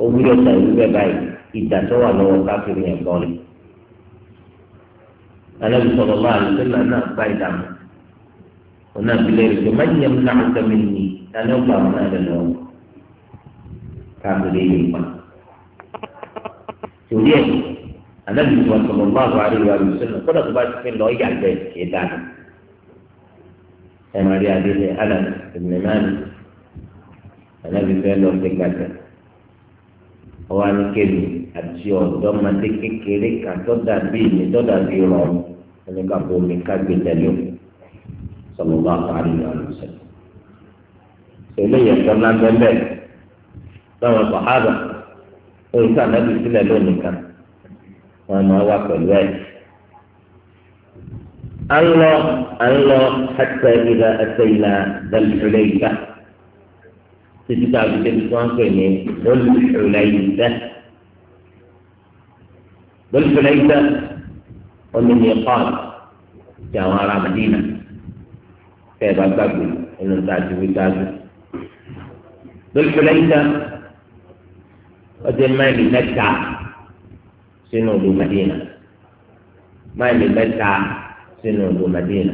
owúrọ̀ tàbí bẹ́ẹ̀ báyìí ìjà tó wà lọ́wọ́ káfíìrì yẹn bọ́ọ̀lù. alábi sọ̀rọ̀ bá àlùfẹ́lá náà gba ìdààmú wọn náà bilẹ̀ rẹ̀ pé máyì yẹn náà sẹ́mi ní tani ọgbà wọn náà lẹ́nu ọ̀hún káfíìrì yẹn pa. torí ẹ̀ alábi sọ̀rọ̀ bá àlùfẹ́lá àlùfẹ́lá kọ́dà tó bá ti fi lọ yàgbẹ́ kì í dànù. ẹ̀ máa ọwọ́ anìkéni àti ọ̀dọ́mọdé kékeré kan tó dàbí ìmí tó dàbí rọ ẹni ká fún omi ká gbé tẹ̀lé o sọlọ bá parí sẹ. àlùsẹ. eléyìí ẹ̀kọ́ ńlá bẹ́ẹ̀ báwọn sọ̀hábà orí ká nàbì sílẹ̀ lónìí kan wọn máa wá pẹ̀lú ẹ̀. أن الله أن الله حتى إذا أتينا ذا الحليفة títí tá a fi débi tí wọ́n pè ní lọ́lùfẹ̀lẹ́yìntà lọ́lùfẹ̀lẹ́yìntà ọ̀nìyànfàn ti àwọn ará Madina tẹ́ ẹ bá gbàgbé nínú tá a ti wí sáájú lọ́lùfẹ̀lẹ́yìntà ọdẹ máìlì mẹ́ta sínú ìlú Madina máìlì mẹ́ta sínú ìlú Madina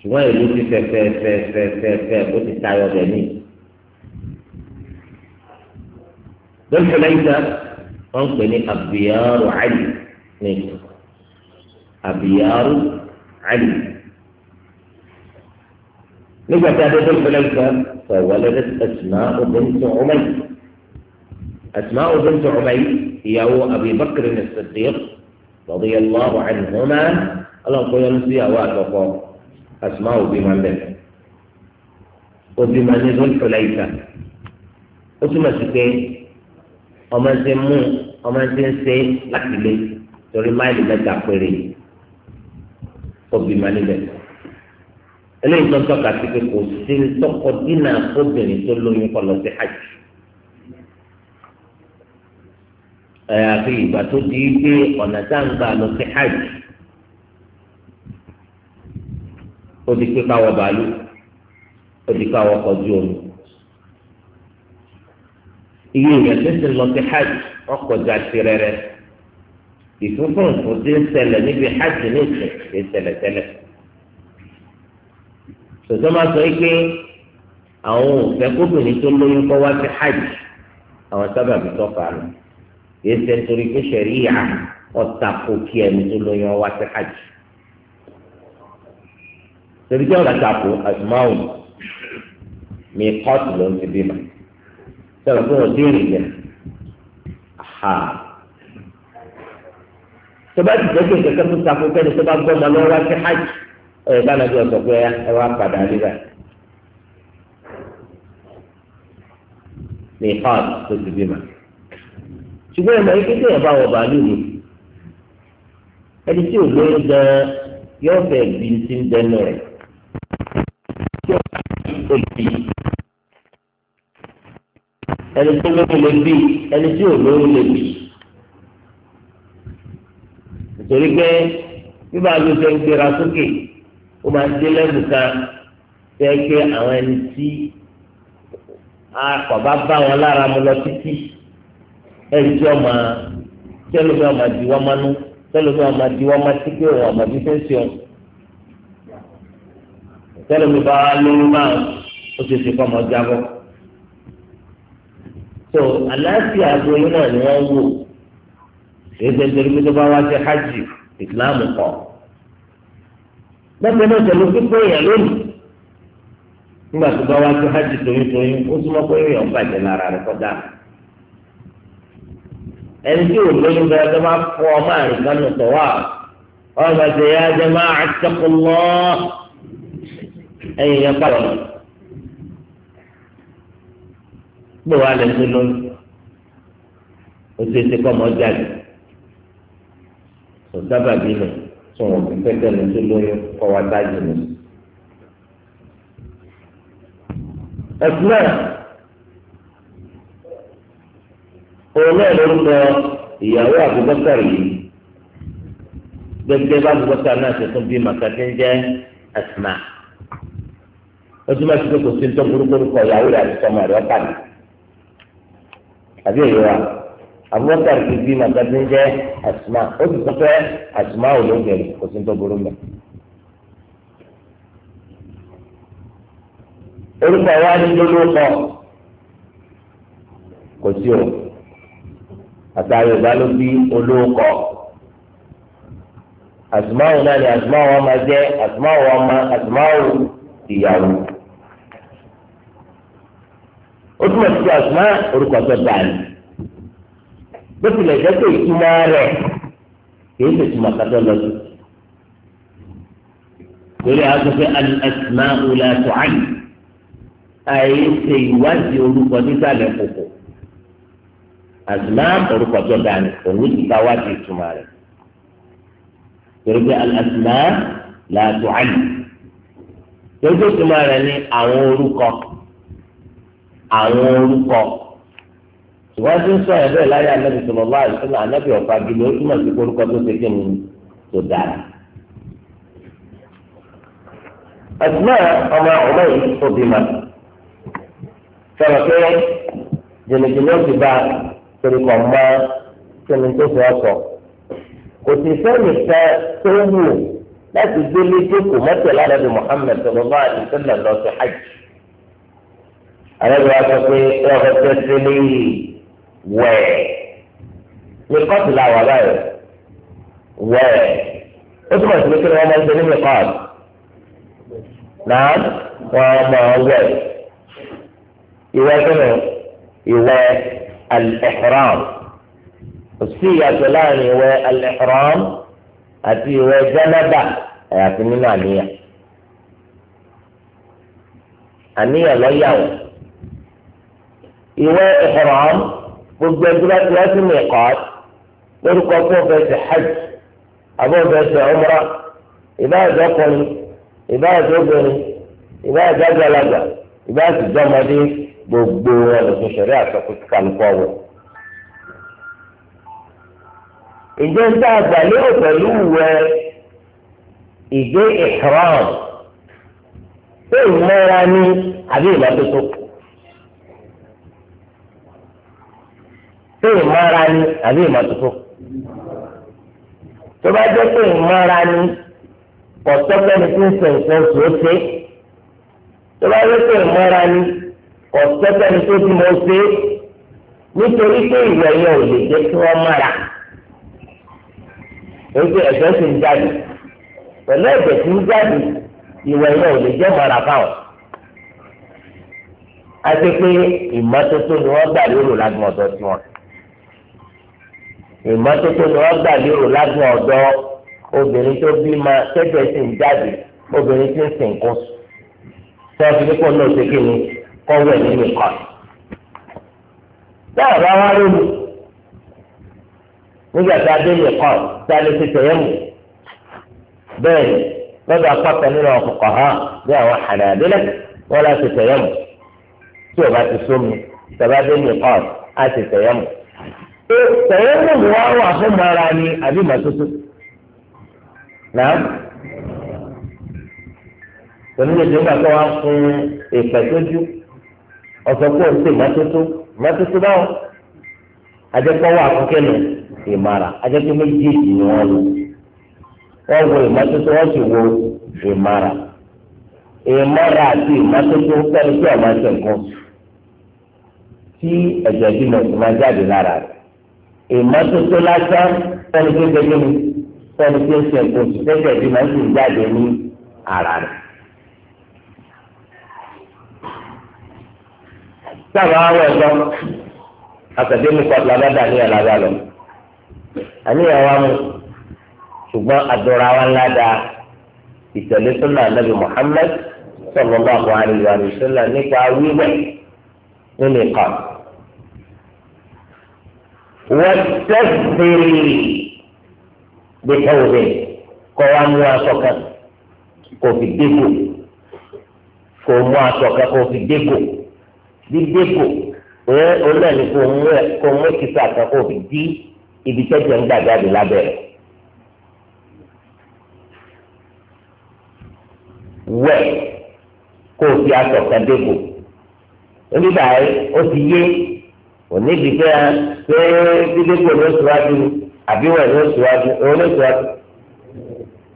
ṣùgbọ́n ìlú ti fẹ́ ó ti tayọ bẹ̀ níyì. ذو الحليفة wọ́n pè ní abiyaru ali ní abiyaru ali nígbà tí a dé dókè lẹ́gbẹ̀ẹ́ fọwọ́lẹ́dẹ́ asma'u bintu umay asma'u bintu umay ìyàwó abibakar ní sadiq radiyallahu anhuma ọlọ́nkọ́ yẹn sí àwọn àtọ̀kọ́ asma'u bímọ bẹ́ẹ̀ ó bímọ ní dókè lẹ́gbẹ̀ẹ́ ó túmọ̀ sí pé. ọmọ ti ń mú ọmọ ti ń ṣe láti lé torí máìlì mẹ́ta péré obìnrin níbẹ̀ eléyìí tó ń tọ́ka sí pé kò sí tọkọ dínà obìnrin tó lóyún kọ lọ sí hajj àyàfi ìgbà tó di pé ọ̀nà tá ń gbà lọ sí hajj ó di pé káwọ bàálù ó di káwọ kọjú omi iye èèyàn tó ti lọ sí hajj ọkọjà ti rẹrẹ ìfúnfúnfún ti ń ṣẹlẹ̀ níbi hajj ní ìsìn ti ń ṣẹlẹ̀ tẹ́lẹ̀ tòtò máa sọ pé àwọn òfẹ kóbìnrin tó lóyún kọ́ wá sí hajj àwọn sábàbí tọ́ka lọ yìí ṣe nítorí pé ṣẹ̀ríyà ọ̀tà kò kí ẹni tó lóyún wá sí hajj torí pé ọ̀rọ̀ àtàkù àtùmáwò mi kọ́ọ̀tù ló ń ti bímọ sọ̀rọ̀ pé wọ́n dérè ha tọ́ba ti jẹ́ pé kẹ́kẹ́ tó sako kẹ́ni tó bá gbọ́ ọmọ lọ́wọ́ wá sí hajj ẹ̀ bá nàbí ọ̀sọ̀ pé ẹ wá padà rí báyìí. ní hajj tó ti bímọ ṣùgbọ́n ẹ̀mọ́ ike tó yẹ bá wọ bàálù mi ẹni tí ò lóyún gan yóò bí ti ń dẹnu rẹ̀ tí ó bá ti ó ẹni tó lóyún lè bí ẹni tí ò lóyún lè bí nítorí pé bíbá ló ṣe ń gbéra sókè ó máa ń dé lẹ́bù kan fẹ́ pé àwọn ẹni tí àkọ́bá bá wọn lára mu lọ títí ẹni tí ọmọ tẹlifí ọmọ di wọn mọ́nú tẹlifí ọmọ di wọn mọ́ sí pé òun ọmọ bí fẹ́ ṣe òun tẹlifí bá lóyún máa ó ṣe ṣe kọ́ jábọ́. so àlàáfíà aboyún náà ni wọ́n wò èdè nítorí pé tó bá wá sí hajj ìsìláàmù náà tẹ̀lé èèyàn lónìí nígbà tó bá wá sí hajj ó súnmọ́ pé èèyàn bàjẹ́ lára kọjá ẹni tí ò lóyún bẹ́ẹ̀ tó fọ́ ọmọ gbé wa lẹ tó lóyún ó ṣe é ṣe kọ́ ọmọ jáde tó dábàá bí nù tó wọn fi pẹ́kẹ́ lẹ tó lóyún kọ́ wa dájú nù. ẹ̀sùn òun náà ló ń lọ ìyàwó Abubakar yìí gbẹgbẹ bá Abubakar náà ṣe tún bí màkàtí ń jẹ Asma ó túmọ̀ sí pé kò sí ní tó burúkú kọ ìyàwó rẹ̀ àti sọmọ rẹ̀ ọ̀pá nìyí àbí òye wa abubakar ti bí màtá ti ń jẹ asuma ó ti sọ pé asuma ò ló bẹ̀rẹ̀ kò sí ń tó burú mẹ́. orúkọ wa ní lólókọ kò sí o àtàrí ìbá ló bí olóòkọ asuma ò náà ni asuma ò wọn máa jẹ asuma ò wọn máa asuma ò ìyàwó ó túmọ̀ sí àsùnmá orúkọ tó dáa ni bó tilẹ̀ jẹ́ pé ìtumọ̀ rẹ̀ kìí ṣe ìtumọ̀ kátó lọ sí. torí a sọ pé àsùnmá òlà tó àyè àyè ṣe ìwádìí orúkọ nísàlẹ̀ kòkò àsùnmá orúkọ tó dáa ni òun ti ká wádìí ìtumọ̀ rẹ̀ torí pé àsùnmá là tó àyè torí rẹ̀ ni àwọn orúkọ àwọn orúkọ ṣùgbọ́n tí ń sọ ẹ̀ bẹ́ẹ̀ láyé anábì sọ̀rọ̀ bá àìsílẹ̀ anábì ọ̀pá gidi ó túmọ̀ sí orúkọ tó ṣe kí ni tó dára. Asmaa ọmọ ọmọ yìí tó bímọ sọ̀rọ̀ pé jìnnìjìnnì ó ti bá torí kọ̀ mọ́ kíni tó fi ọkọ̀ kò sì sẹ́ni ká tó wù láti gbélé jókòó mọ́tò ládàbí Muhammad sọ̀rọ̀ bá àìsílẹ̀ lọ sí alẹ́ wa sọ pé ẹ ọ̀fẹ́ tẹ́sí léyìí wẹ̀ ní kọ́ọ̀tù làwọn báyìí wẹ̀ ó túmọ̀ sí pé kí ni wọ́n máa ń gbé nínú kọ́ọ̀tù náà wọ́n máa wẹ̀ ìwé kínní ìwé al-ihram òsì ìyàtọ̀ láàrin ìwé al-ihram àti ìwé jẹ́nẹ́bà àyàfi nínú àníyàn àníyàn lọ́yàwó. إلى إحرام والجدلة لا ميقات ولك أبو بيت حج أبو بيت عمرة إذا زقني إذا زقني إذا زقني لك إذا زقني بوبو ولكن شريعة تقول كان قوة إذا انت أبلغت لوا إذا إحرام فإن إيه ما راني يعني؟ حبيبة تسوق ṣé ìmọ̀ra ni àbí ìmọ̀tótó tó bá jẹ́ pé ìmọ̀ra ni kọ̀sọ́gbẹ́ni tí ń sọ nǹkan oṣù ó ṣe tó bá jẹ́ pé ìmọ̀ra ni kọ̀sọ́gbẹ́ni tó ti mọ̀ ó ṣe nítorí pé ìwẹ̀ yẹn ò lè jẹ́ kí wọ́n mọ̀ra èyí ẹ̀jẹ̀ sì ń jáde pẹ̀lú ẹ̀jẹ̀ tí ń jáde ìwẹ̀ yẹn ò lè jẹ́ mọ̀ra fáwọn àti pé ìmọ́tótó ni wọ́n gbà lérò lágbọ̀n ọ̀dọ́ tiwọn ìmọ́tótó ni wọ́n gbà lérò lágbọ̀n ọ̀dọ́ obìnrin tó bí ma tẹ́tẹ́ sì ń jáde obìnrin tí ń sìn kó sọ fi nípò náà ṣe kí ni kọ́wé nínú ìkọ́. bẹ́ẹ̀ bá wá lónìí nígbà tá a dé ìkọ́ tá a lè fi tẹ̀yẹ́ mù bẹ́ẹ̀ ni lọ́dọ̀ apáta nínú ọ̀kọ̀kọ̀ hàn bí àwọn Hanabila wọ́n lọ́ọ́ ti tẹ̀yẹ́ mù tí o bá ti sómi tẹ̀bá dé ìkọ́ á ti tẹ̀yẹ́ mù. e tẹ̀yẹ́ mú wá wà fún mara ni àbí màtótó náà onídìrí nígbà tó wá fún ìpẹ́tójú ọ̀sọ̀ pé màtótó màtótó báwo àjẹpọ̀ wà fún kẹ́nu ìmàrà àjẹpọ̀ méjèèjì ni wọ́n lò wọ́n wọ́n sì àti tí ìmọ́tótó lásán sẹ́ni tó gbẹ́gbẹ́ mi sẹ́ni tó ṣe kò sí tẹ́tẹ́ bí máa ń sì jáde ní ara rẹ̀. sábà wọ ẹ̀gbọ́n akadé mi kọ́ ọ̀tún abẹ́dà ní ẹ̀lábà lọ. àníyàn wa mu ṣùgbọ́n àdúrà wa ńlá da ìtẹ̀lé sọ́nà ànábì Muhammad sallallahu alaihi wa sallam nípa wíwẹ̀ nínú ìkànnì wọ́tẹ́sìrì gbẹ̀tẹ̀wé kọ́ wa mú aṣọ kan kò fi dégò kò mú aṣọ kan kò fi dégò bí dégò ẹ olóòní kò mú ẹ kò mú ìkísà kan kò fi dí ibi tẹ́jọ́ ń gbà jáde lábẹ́rẹ́. wẹ̀ kó o fi aṣọ kan dégò oníbàárẹ̀ ó ti yé onídìí pé pé dídíkò ló síwájú àbí wẹ̀ ló síwájú òun ló síwájú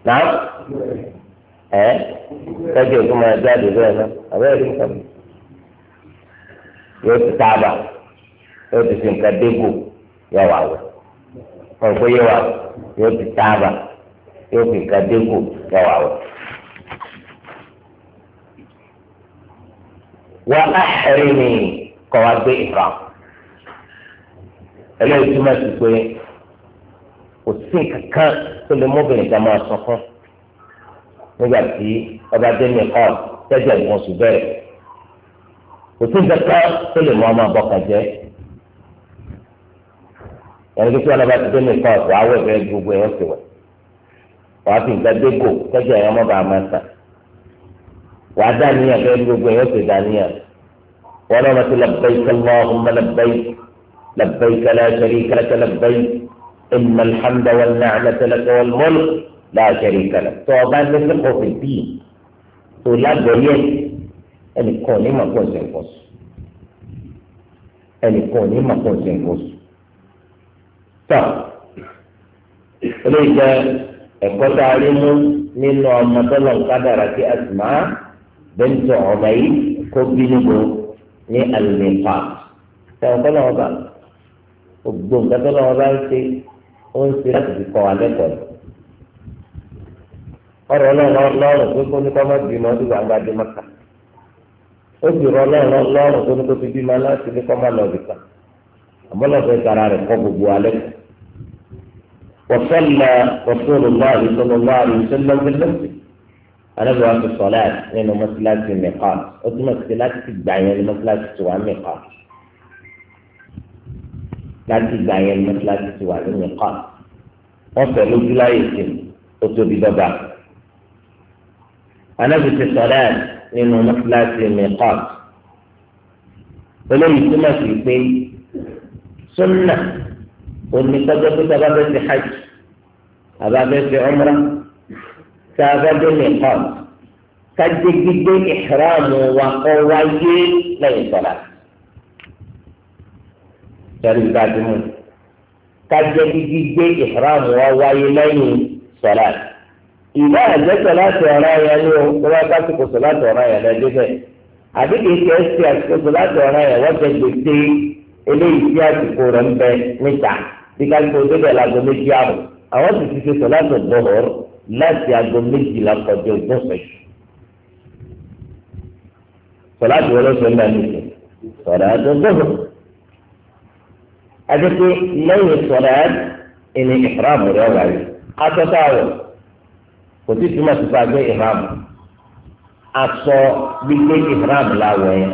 náà ẹ kẹjọ tó máa jáde bẹ́ẹ̀ náà àbẹ́rẹ́ rí nǹkan yóò ti tábà yóò ti fi nǹkan dégò yóò wà wẹ̀ wọn kò yé yóò ti tábà yóò fi nǹkan dégò yóò wà wẹ̀. wọ́n á ẹ̀rí mi kọ́ wa gbé ìfọ̀n eléyìí túmọ̀ sí pé kò sí kankan tó lè mọ́bìnrin kan máa sọ fún nígbà tí ọba dẹ́mi kọ́ tẹ́jọ́ ìwọ̀n sùn bẹ́ẹ̀ kò sí kankan tó lè mọ́ ọmọ àbọ̀kàn jẹ́ ẹni tó lọ́ba ti dẹ́mi kọ́ wàá wẹ̀ bẹ́ẹ̀ gbogbo ẹ̀ ọ̀sẹ̀ wẹ̀ wàá fi nǹkan dégò tẹ́jọ́ ẹ̀ ọmọ bàá máa sàn wàá dá níyà bẹ́ẹ̀ gbogbo ẹ̀ ọ̀sẹ̀ dá níyà wọn náà wọ́n ti lọ bẹ́ẹ̀ bẹ́ẹ̀. لبيك لا شريك لك لبيك إن الحمد والنعمة لك والملك لا شريك لك توبان لفقه في الدين ولا بريد أن يكون ما يكون ينقص أن يكون ما يكون ينقص طب ليس ẹ̀kọ́ tá من rí الله قدرة أسماء بنت kádàrà kí من bẹ́ńtọ̀ ọ̀bẹ yìí kó gbogbo nǹkan tó lọ́wọ́ bá ń ṣe ó ń ṣe láti fi kọ́ wa lẹ́kọ̀ọ́ ọ̀rọ̀ ọlọ́run lọ́rùn pé kó ní kọ́ má bímọ ọdún gbàgbà dé mọ́ta ó sì rọ ọlọ́run lọ́rùn tó ní kó fi bímọ láti ní kọ́ má lọ bìkà àmọ́ lọ́fẹ́ tara rẹ̀ kọ́ gbogbo alẹ́ وصلى رسول الله صلى الله عليه وسلم بالمسجد أنا بوقت الصلاة لأنه مسلاة الميقات قلت مسلاة تتبعني لمسلاة تتبعني الميقات láti gbà yẹn mọ́sálásí ti wà lóyún ẹ̀kọ́ wọ́n fẹ́ lójú láyè sí ó tó di dọ́gba. anábì ti sọ dáa nínú mọ́sálásí mẹ́kọ́ tó máa fi pé sunna onítọ́jọ́ pé tá a bá fẹ́ hajj abáfẹ́ ti ọmọdé tẹ́ abáfẹ́ tá a bá dé kájé gbígbé ìhìrámù wa kọ́ wáyé lẹ́yìn sọ̀rọ̀. sẹ́rí ìdájúmọ́ kájẹ́ gígí gbé ìhram wa wáyé lẹ́yìn sọ̀lá ìdá àjẹ́ sọ̀lá ti ọ̀rá yẹn ní o wọ́n wá kásìkò sọ̀lá ti ọ̀rá yẹn lẹ́jọ́ bẹ́ẹ̀ àbí kìí ṣe ẹsẹ̀ àsìkò sọ̀lá ti ọ̀rá yẹn wọ́n jẹ́ gbèsè eléyìí tí àsìkò rẹ̀ ń bẹ níta bí kásìkò tó bẹ̀ lágbo méjì àrùn àwọn sì ti ṣe sọ̀lá ti bọ̀họ̀r láti àgbo méjìlá kọjá ogún fẹ̀sù sọ̀lá ti wọlé sọ̀lá ti bọ̀họ̀r àdókè lẹ́yìn sọ̀rọ̀ ẹni ìhram rẹ̀ wáyé aṣọ táwọn kò tí túmọ̀ sí fún agbé ìhram aṣọ gbígbé ìhram láwọ̀ yẹn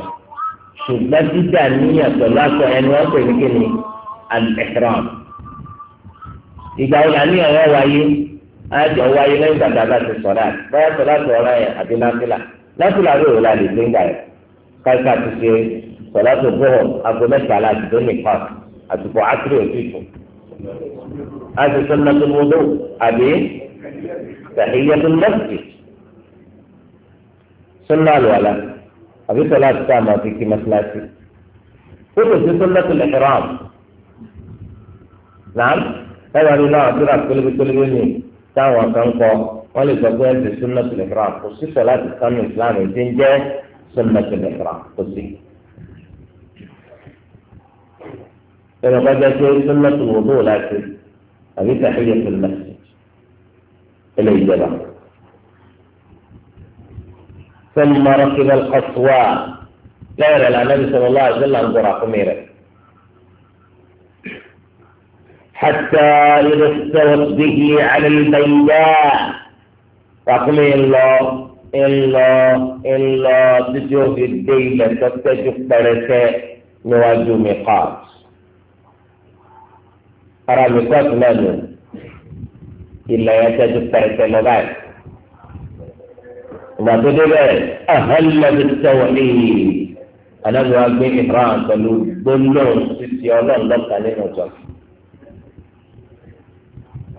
ṣùgbọ́n dídà níyàn pẹ̀lú aṣọ ẹni wọ́n pè ní kíni al-ihram ìgbà wo la níyàn wọ́n wáyé àjọ wáyé lẹ́yìn gbàgbà láti sọ̀rọ̀ báyà sọ̀rọ̀ àti ọ̀rọ̀ yẹn àti náfìlà náfìlà ló wò lálẹ́ gbẹ̀ngà yẹn káyíká ti ṣe sọ̀rọ̀ àti bọ́ọ̀ agbọ̀ mẹ́ta láti dóní pààkì. àsìkò àtúrò òtítù àti sọ́nà tó wọ́dọ̀ àbí tàhíyàtò lẹ́sì sọ́nà àlùwàlà àbí sọ́nà àti sáà máa fi kí mọ́sálásí ó lè ṣe sọ́nà tó lẹ́kọ̀ọ́ àmì nàám ẹ̀rọ ni náà àdúrà pélébépélébé ni táwọn kan kọ wọ́n lè sọ pé ẹ̀sìn sọ́nà tó lẹ́kọ̀ọ́ àmì kò sí sọ́nà àti sánú ìsìlámù ìdíjẹ́ sọ́nà tó lẹ́kọ̀ọ́ àmì kò sí. tẹ̀lé kọjá tí orí sọ́nà tó wò bóòlù àti àbí tàhíyà tó ثم ركب القصوى لا يرى النبي صلى الله عليه وسلم براق ميره حتى إذا استوت به على البيداء رقم الله إلا إلا تجوه الديلة تتجف بركة نواجه ميقات ara mìkọ́tù náà nù ilẹ̀ yẹn tẹ́jú pẹ̀rẹ̀pẹ̀ lọ báyìí ìgbà tó dé bẹ́ẹ̀ ahẹ́lẹ́dì tẹ̀wọ̀ níyì anáwó agbé ibrahim pẹ̀lú gbólóhùn títí ọlọ́run lọ́kàn nínú ọjọ́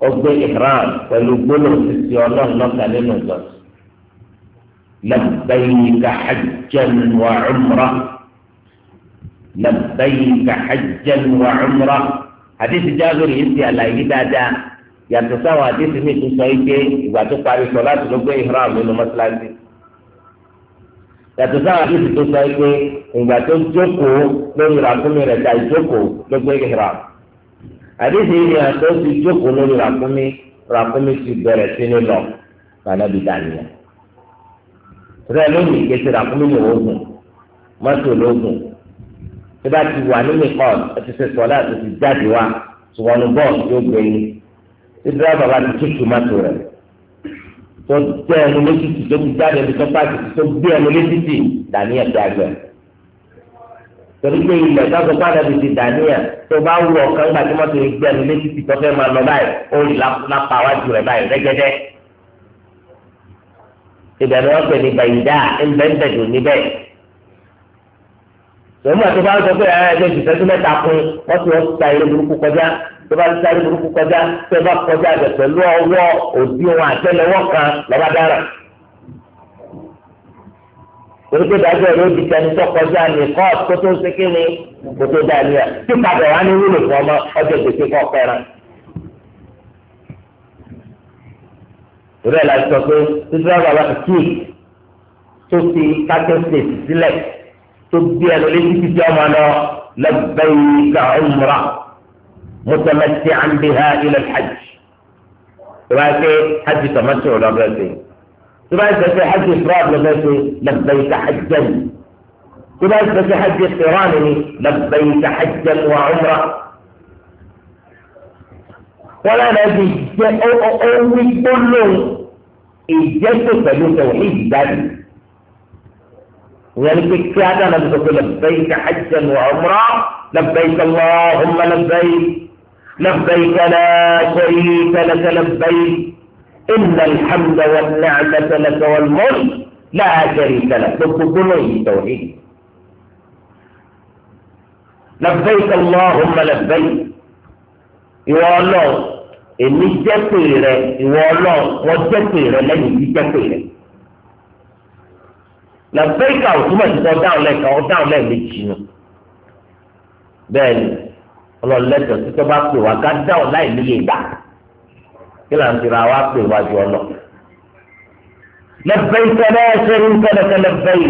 ó gbé ibrahim pẹ̀lú gbólóhùn títí ọlọ́run lọ́kàn nínú ọjọ́ لبيك حجا وعمرة لبيك حجا وعمرة àdìsí jágòrò yìí ti àlàyé dáadáa yàtọ̀ sáwọn àdìsí mi tún sọ yìí pé ìgbà tó parí sọ láti ló gbé ìhram nínú mọ́sálásí yàtọ̀ sáwọn àdìsí tó sọ yìí pé ìgbà tó jókòó lórí ràkúnmí rẹ̀ ta ìjókòó ló gbé ìhram àdìsí yìí ni àtọ́ ti jókòó lórí ràkúnmí ràkúnmí ti bẹ̀rẹ̀ sí ní lọ kànáàbí dànìyà rẹ lónìí kẹsì ràkúnmí ni tí bá ti wà nínú ìkọ́ọ̀lù ẹtì ṣe sọ̀lá àti ti jáde wá tùwọ́nù bọ́ọ̀lù yóò gbé yín tí dírẹ́bà bá ti tún tòmátò rẹ̀ tó tẹ ẹnu létítì tó ti jáde ní tọ́pàtì tó gbé ẹnu létítì dàníyàn ti àgbẹ̀ torí pé ilẹ̀ sáfù padà ti di dàníyàn tó bá wù ọ̀kan gbà tí wọ́n gbé ẹnu létítì tó fẹ́ máa lọ báyìí ó rí lápá wájú rẹ̀ báyìí rẹ́gẹ́dẹ́ ìbẹ̀rẹ̀ ọ̀pẹ̀ ní bẹ̀yìndà ńbẹ̀ńbẹ̀ tẹ̀mú àti bá ń sọ pé ẹ̀ẹ́dẹ́ ti sẹ́tú mẹ́ta kún wọ́n ti wọ́n ta ilé burúkú kọjá tó bá ti sáré burúkú kọjá tó bá kọjá rẹ̀ pẹ̀lú ọwọ́ òdi wọn àtẹlẹwọ́ kan lọ́ba dára. torí pé dájọ́ yóò di tẹni tó kọjá ní kọ́ọ̀tù kó tó ṣe kíni kó tó dá ní ẹ̀ tí padà wá ní wúlò fún ọmọ ọjọ́ gbèsè kọ́ pẹ́ran. ìrẹ́ sọ pé títí wọn bàbá kí tó fi kájọ́ تبدي لك في جمالا لبيك عمرة متمتعا بها إلى الحج تبعك حج تمتع لبيك تبعك في حج إفراد لبيك لبيك حجا تبعك في حج إقران لبيك حجا وعمرة ولا نبي جاء أو أو أو يقولون إجاكو فلو توحيد ذلك يعني كيف هذا لبيك حجا وعمرا لبيك اللهم لبيك لبيك لا شريك لك لبيك إن الحمد والنعمة لك والملك لا شريك لك بكل توحيد لبيك اللهم لبيك يا الله إني جبت إلى يا الله وجبت إلى لن làbẹ́ríkà ò túmọ̀ sí kọ́ dáhùn lẹ́ẹ̀kan ó dáhùn lẹ́ẹ̀mejì nù bẹ́ẹ̀ ni ọlọ́lẹ́tọ̀ títọ́ bá pè wá ká dáhùn láì níye ìgbà kí là ń tira wá pè wá ju ọlọ. lẹ́bẹ̀ẹ́sì ẹlẹ́sẹ̀rì ńkẹ́lẹ́kẹ́ lẹ́bẹ̀ẹ́yì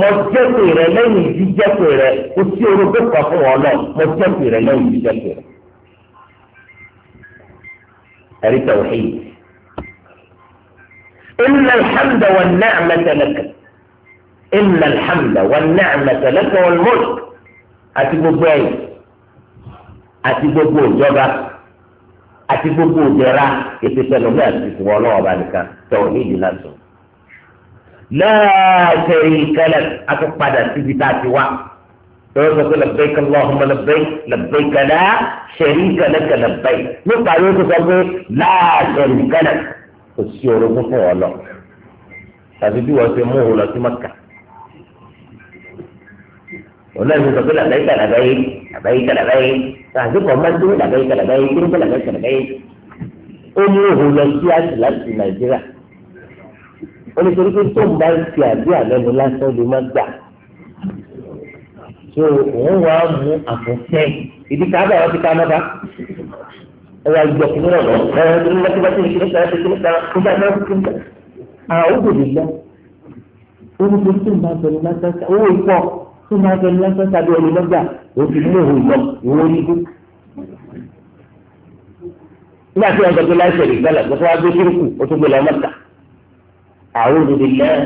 mo jẹ́pè rẹ lẹ́yìn ìdíjẹ́pè rẹ o sí orogún kan fún wọn lọ mo jẹ́pè rẹ lẹ́yìn ìdíjẹ́pè rẹ. ẹ̀rí tẹ̀wé yìí. ilẹ̀ ìhàmdà wà ní إن الحمد والنعمة لك والملك أتبوبوي أتبوبو جبا أتبوبو جرا يتسلم لا تسوالو أبانكا توحيد لازم لا شريك لك أتبقى تسيبتاتي وا يقول لبيك اللهم لبيك لبيك لا شريك لك لبيك نبقى يقول لا شريك لك تسيورو مفوالو هذه دي وسموه لك مكه والله يقول لبيك لبيك لبيك لبيك تعزيك ومن دون لبيك لبيك كنت لبيك لبيك أمره لسياس لسي نيجيريا onítorí pé tó ń bá ti àdúrà lẹ́nu lásán ló má gbà so òun wàá mú àfọ̀fẹ́ ìdí ká bá wọn ti ká mọ́ba ẹ wá gbọ́ kí lọ́wọ́ ẹ ẹ ní wọ́n ti bá ti ní kíní kan ti kíní kan tó bá náà kíní kan àwọn òbòdì lọ onítorí tó ń bá sọ ní lásán owó ìpọ̀ tó máa tẹ̀lé lọ́sọ̀ tàbí ẹni lọ́gbà òfin lóhù lọ ìwọ oníkú. nígbà tí wọn gbẹgbẹ láìsẹ ìgbàlà tó wá gbé kírùkù ó tún gbé lọ mọ́ta àwọn òdòdó lẹ́ẹ̀.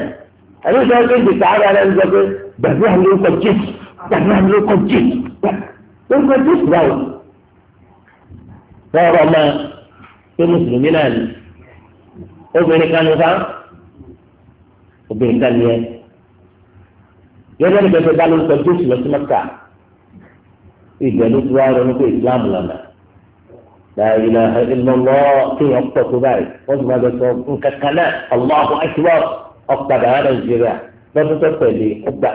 àbí sọ pé ìdìtà ara rẹ ń gbẹgbẹ gbàgbé àmì ó kọ jésù gbàgbé àmì ó jésù ó kọ jésù báwo. wọ́n rọ ọmọ pé mùsùlùmí náà ni obìnrin kan ní sá obìnrin kan ní ẹ yẹn lẹ́nu bẹ́ẹ̀ bá lórúkọ jésù lọ sí mẹ́ta ìgbẹ́ ló ti wá ronú pé islam lọ́nà láìlà ìlọ́lọ́ kí wọ́n pọ̀ tó báyìí wọ́n sì máa bẹ sọ nǹkan kan náà ọlọ́ọ̀kọ́ ẹ̀kíwọ́ ọ̀padà wà nàìjíríà lọ́dún tó tẹ̀lé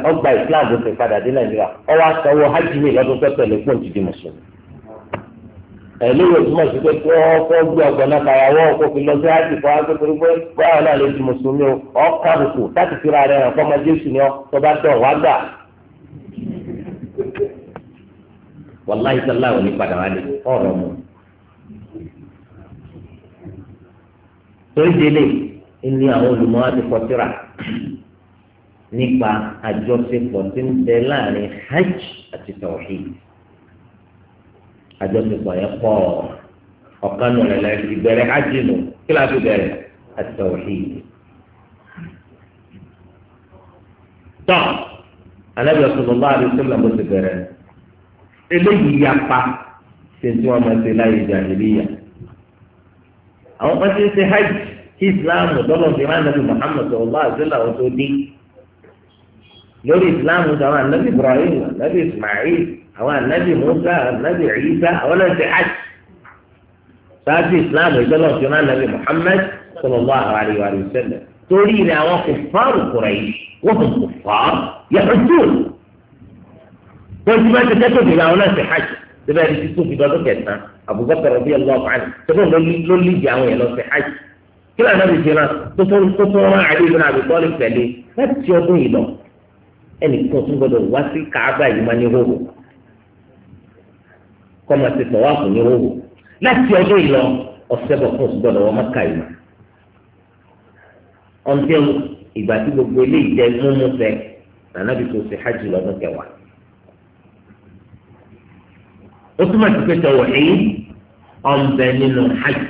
ọgbà islam tó ti padà dé nàìjíríà ọwọ́ àtọwọ́ hajj mi lọ́dún tó tẹ̀lé fún òtítì mùsùlùmí ẹlẹ́yìn òtúmọ̀ sí pé kí wọ́n kọ́ gbé ọgbọ̀n náà fàyàwọ́ kó fi lọ sí àjì fún akókò pé báwọn náà lè di mùsùlùmí o ọ́ kábùkù láti fira rẹ̀ hàn fọ́mọ jésù ni ọ́ tó bá dọ̀ wá gbà. wàláyé sálá ò ní padà wálé ọ̀rọ̀ mu. torí ni àwọn olùmọ̀ wa ti kọ síra nípa àjọṣepọ̀ tí ń bẹ láàrin hajj àti tawhid. àjọṣepọ̀ yẹn pọ̀ ọ̀kan nù lẹ́la ìbẹ̀rẹ̀ hajj nù kí la fi bẹ̀rẹ̀ at-tawhid. tọ́ Ànábì sallallahu alaihi wasallam bó ti bẹ̀rẹ̀ eléyìí yapa ṣe tí wọ́n máa ṣe láyé jàhílíyà. àwọn kan ti ṣe hajj kí ìsìláàmù dọ́lọ̀ fi rán Ànábì Muhammad sallallahu alaihi wasallam tó dín lórí ìsìláàmù táwọn Ànábì Ibrahim Ànábì Ismail àwọn ànábì Musa ànábì Isa àwọn náà ti hajj sáájú ìsìláàmù ìjọba ọ̀sùn náà ànábì Muhammad sallallahu alaihi wa sallam torí rẹ̀ àwọn kò fáàrù kùrẹ̀ yìí wọ́n kò kò fáàrù yàtọ̀ tó wọ́n ti bá ti kẹ́kọ̀ọ́ ìgbà àwọn náà ti hajj síbẹ̀ ẹni tí tóbi lọ́dún kẹsàn-án Abubakar radiyallahu anhu sọ́kọ́ ló lídìí àwọn yẹn lọ hajj kí lóò náà ti náà tó tó rán àdé ìlú náà àbí tọ́lé pẹ̀lú láti ọdún yìí lọ ẹnì kọ́ máa ti tọ̀wá fún ní owó láti ọdún ìlọ ọ̀sẹ̀ bọ̀ fún ọ̀sùgbọ́n lọ́wọ́ mọ́kà ìmọ̀ ọ̀njẹ́ ìgbà tí gbogbo eléyìí jẹ́ mímú fẹ́ nànàbí tó ṣe hajj lọ́dún kẹwàá ó túmọ̀ sí pé tọ̀wọ̀ èyí ọ̀nbẹ nínú hajj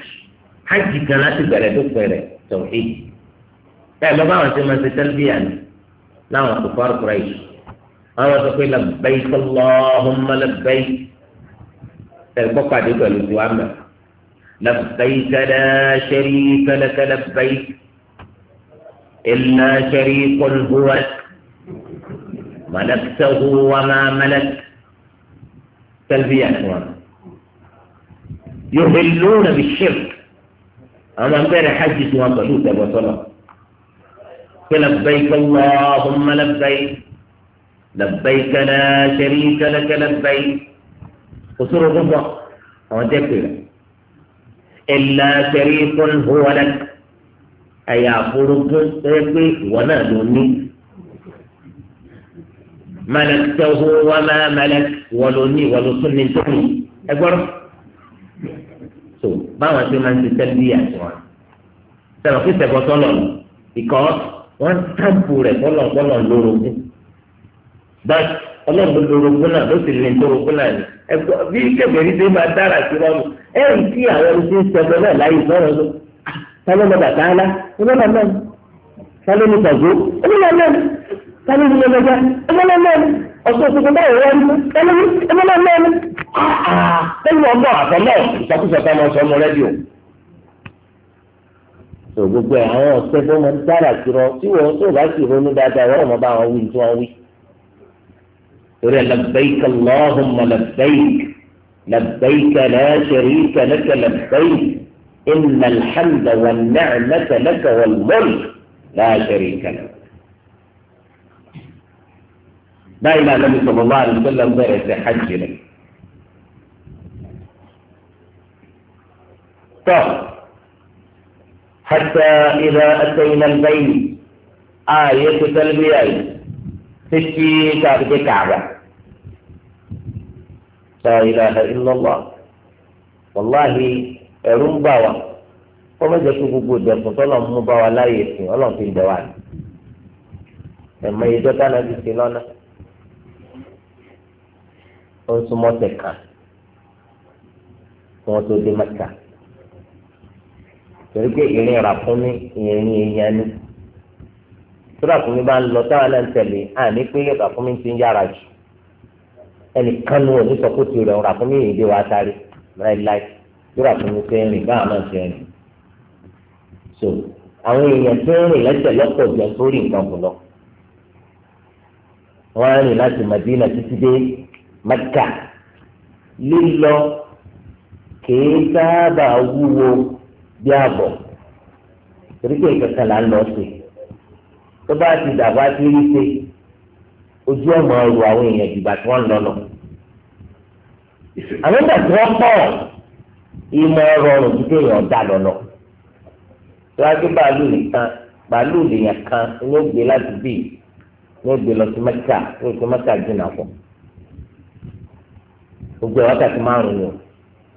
hajj kan láti bẹ̀rẹ̀ tó pẹ̀rẹ̀ tọ̀wọ̀ èyí bẹ́ẹ̀ lọ bá wọn ṣe máa ṣe tẹ́lifíà ni láwọn kò fọ́ọ̀rọ̀ kúrẹ́ àwọn sọ pé ẹ̀kọ́ pàdé pẹ̀lú لبيك لا شريك لك لبيك إلا شريك هو ملكته وما ملك تلبية يهلون بالشرك أما غير حج وقلوب وصلاة لبيك اللهم لبيك لبيك لا شريك لك لبيك òṣòro gbogbo àwọn jẹ́ pèrè ẹ̀là kẹrí fún huwalẹ̀ ẹ̀yà àforogún tẹ́lẹ̀ pé ìwọ náà ló ní malakitahu wa ma malak ìwọ ló ní ìwọ ló tún ní tóbi ẹ gbọ́dọ̀ so báwọn ti máa ń ṣe tẹ́lẹ̀ yàtọ̀ wọn sẹ́wọ̀n kí sẹ́wọ̀n sọ́lọ̀ ní ìkọ́ wọn tábù rẹ̀ kọ́lọ̀kọ́lọ̀ lórogún bẹ́ẹ̀ ọlọ́run ló rogún náà ló sì lè tó rogún náà ni ẹ̀kọ́ bí kẹfẹ́rí ṣe máa dára sí wọn ẹ̀ ń tí àwọn ẹni tí ń sọ̀rọ̀ náà láyé sọ̀rọ̀ lọ sálọ́ lọ́ba tààlà ọlọ́ba náà sálọ́ ní tàgó ọlọ́ba náà sálọ́ ní lọ́ba ọlọ́ba náà ọ̀sọ̀ tuntun báyìí wọ́n ń tẹ́lẹ̀ ní ọlọ́ba náà ni. tẹ́lẹ̀ ọgbọ́n àfọlọ́ ìsọkúsọ ká máa sọ ọmọ rẹ́díò. tó gbogbo àwọn ọ̀sẹ̀ tó máa dára sí wọn tí wọ́n tó bá sì ronú dáadáa wọ́n mọ̀ bá wọn wí tí wọ́n wí. قل لبيك اللهم لبيك لبيك لا شريك لك لبيك إن الحمد والنعمة لك والملك لا شريك لك دائما النبي صلى الله عليه وسلم بعث حج لك طب حتى إذا أتينا البيت آية تلبية títí káàdì pé kààbà la ilaha illallah wàláhi ẹ̀rù ń bà wá wọ́n mẹ́jọ tó gbogbo ìdẹ̀kùn tọ́lọ̀ mú bá wa láàyè sìn ọlọ́run fi ń dẹ̀ wá ní. ẹ̀mọ ìjọ dáná ti sin lọ́nà ó ń súnmọ́ tẹ̀ka kí wọ́n tó dé mẹ́ta torí pé ìrìn ràpọ́n ní ìrìn èèyàn ni tó ràkúnmí bá ń lọ táwọn náà ń tẹ̀lé àní pé ràkúnmí ti ń yára jù ẹnìkan ní òní sọ pé ti rẹ̀ ràkúnmí yìí dé wa sáré láéláé tó ràkúnmí ti ń rìn báwọn náà ti ń rìn so àwọn èèyàn tó ń rìn lẹ́sẹ̀ lọ́pọ̀ jọ sórí nǹkan kù lọ wọ́n á rìn láti Madina títí dé Mẹ́kà lílọ kìí sábà wúwo bí àbọ̀ torí pé ìkẹ̀kẹ̀ là ń lọ sí i tó bá ti dàgbà ti rí ṣe ojú ọmọ ọrù àwọn èèyàn ìgbà tí wọ́n ń lọ lọ. àwọn ìgbà tí wọ́n pọ̀ ìmọ̀ ọrọ̀ ọrùn tó kéèyàn dà lọ lọ. tó wá gbé bàálù nìkan bàálù lèèyàn kan ló gbé láti bíi ló gbé lọ sí mẹ́kà ló sí mẹ́kà jìnnà pọ̀. gbogbo wákàtí márùn-ún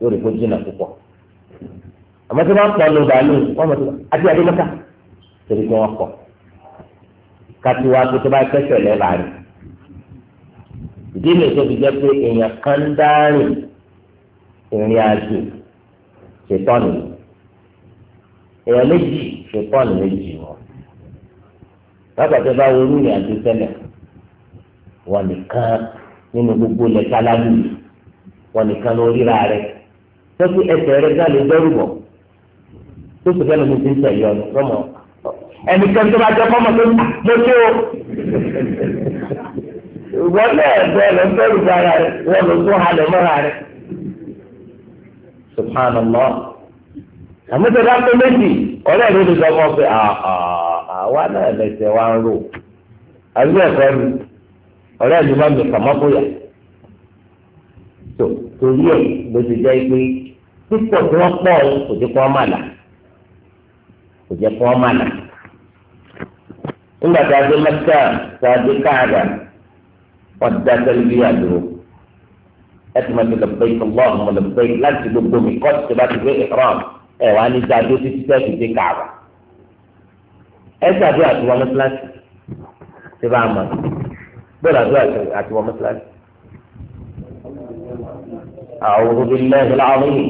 yóò rí kó jìnnà púpọ̀. àmọ́ tí wọ́n pọ̀ lọ bàálù wọ́n mọ̀ sí àti àdé mẹ́kà torí pé kátó wá tó tó bá kẹsẹ̀ lẹ́la rẹ̀ ìdí mi tó fi jẹ́ pé èèyàn kan ń dárìn ìrìn àjò ṣètọ́nù èèyàn méjì ṣètọ́nù méjì wọn lápapọ̀ bá wo ìrìn àjò tẹ́lẹ̀ wọn nìkan nínú gbogbo lẹ́tà lábùlù wọn nìkan ló ríra rẹ̀ tẹ́kù ẹsẹ̀ rẹ̀ gá lè dẹ́rù tó sì fẹ́ẹ́ lómi ti ń tẹ̀lé ọ lọ́mọ ẹnìkan tó bá jẹ fọmọ tó ah, mo tó wọ́n náà bẹ́ẹ̀ lọ bẹ́ẹ̀rù bára rẹ̀ wọ́n lọ tún halẹ̀ mọ́ra rẹ̀. subhanallah àmọ́tò dáko méjì ọ̀rẹ́ mi ló sọ fún ọ pé ah, ah, àwa náà lẹsẹ̀ wa ń rò àbí ẹ̀kọ́ mi ọ̀rẹ́ mi máa ń bẹ̀rẹ̀ sàmọ́kóyà tó torí ẹ̀ ló ti jẹ́ pé pípọ̀ tí wọ́n pọ̀ kò jẹ́ kó wọ́n mà là kò jẹ́ kó wọ́n mà là. nígbà tá a dé mẹ́kà tá a dé káàdà wọ́n da tẹ́lifíà dúró ẹ ti máa fi lọ́pẹ́ ọlọ́run mọ̀ lọ́pẹ́ láti gbogbo mi kọ́ ti bá ti gbé ìrọ̀m ẹ wà ní dáadó títí tẹ́ fi dé káàdà ẹ ṣàdó àti wọn mọ́tíláṣí ti bá a mọ̀ bẹ́ẹ̀ àdó àti wọn mọ́tíláṣí. أعوذ بالله العظيم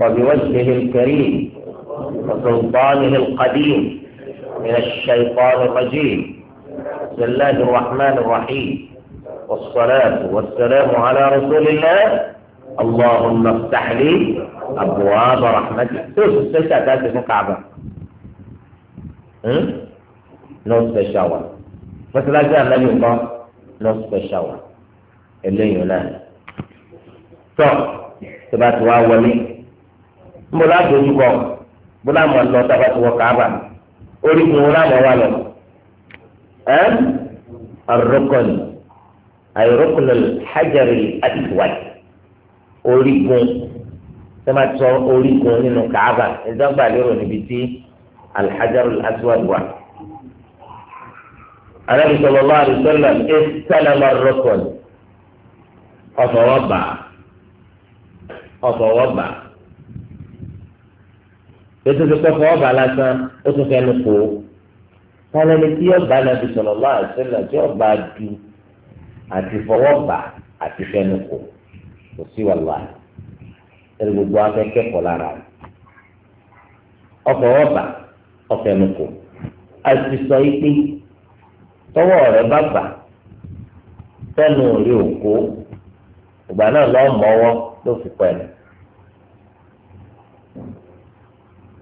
وبوجهه الكريم وسلطانه القديم من الشيطان الرجيم بسم الله الرحمن الرحيم والصلاة والسلام على رسول الله اللهم افتح لي أبواب رحمتك شوف سيشا تاتي في الكعبة نصف شاور مثل هذا النبي الله نصف شاور اللي ينال tó tẹ́bá ti wá wọlé ńbọ láti ojú bọ̀ bọ́lá orígun wọn làwọn wà lọ ẹ arọkọni àìrọkọni hajari àtiwáyé orígun sẹ́mi àtọ́ orígun nínú kàába ìdọ́gba lérò níbi tí alhajaru aswad wà. anabi sallallahu alaihi wasallam istalama arọkọni ọfọwọba ọfọwọba yóò tó kọ́ ọba lásán ó tún fẹ́ nu kó tálẹ́ni tí ọba nàbì sallallahu alaihi wasallam tí ọba du àti fọwọ́ba àti fẹ́nu kó kò sí wàlúwà ẹni gbogbo akẹ́kẹ́ kọ́ lára ọfọwọ́ba ọfẹ́nu kó àti sọ ikpe tọwọ́ rẹ̀ bá bà fẹ́nu rí òkó ìgbà náà lọ́ọ́ mọ́wọ́ ló fi pẹ́ẹ́nu.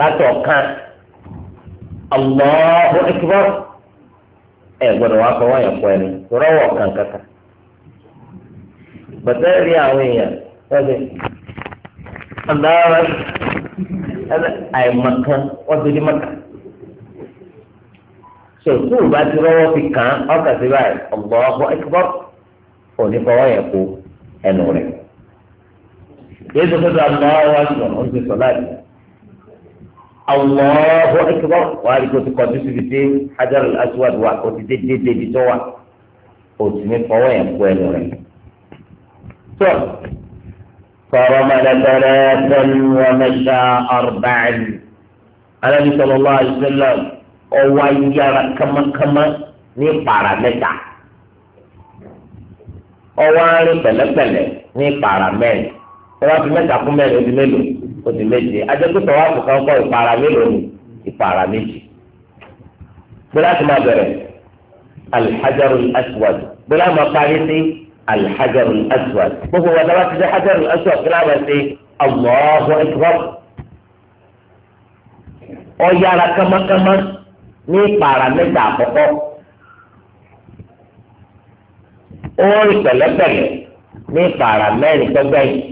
látọ̀kan Allahu Akbar ẹ gbọ́dọ̀ wá fọwọ́ yẹn pọ ẹni rọwọ kankaka bàtà rí àwọn èèyàn wọn bẹ ọdáwà àìmọ̀kan wọn ti di mọ̀kan sòtú bá ti rọwọ fi kàn ọkà sí báyìí Allahu Akbar òní fọwọ́ yẹn kó ẹnu rẹ̀ yéésù tó tó àgbà wọn wá sọ ọ ti sọ láti. Allahu akbar wàá rí kó ti kọjú síbi tí hajar al-aswad wà ó ti dédé débi tó wà ó sì ní fọwọ́ yẹn kú ẹnu rẹ̀. tó faramada thalathan wa masha arba'an Ànábì sallallahu alaihi wasallam ọwọ́ ayára kámákámá ní ìpàrà mẹ́ta ọwọ́ arin pẹ̀lẹ́pẹ̀lẹ́ ní ìpàrà mẹ́rin ọwọ́ afi mẹ́ta kún mẹ́rin ó di mélòó. o oṣù méje ajẹ́pẹ́tọ̀ wà kó kọ́ ìpara mélòó ni ìpara méjì. bóyá ti ma bẹ̀rẹ̀ alihajaru aswad bóyá ma parí sí alihajaru aswad gbogbo wa dábàá ti dé hajaru aswad kí ma ṣe allahu akbar ọ̀yára kámákámá ní ìpara mẹ́ta àkọ́kọ́ ó rí pẹ̀lẹ́pẹ̀lẹ́ ní ìpara mẹ́rin tó gbẹ̀yìn.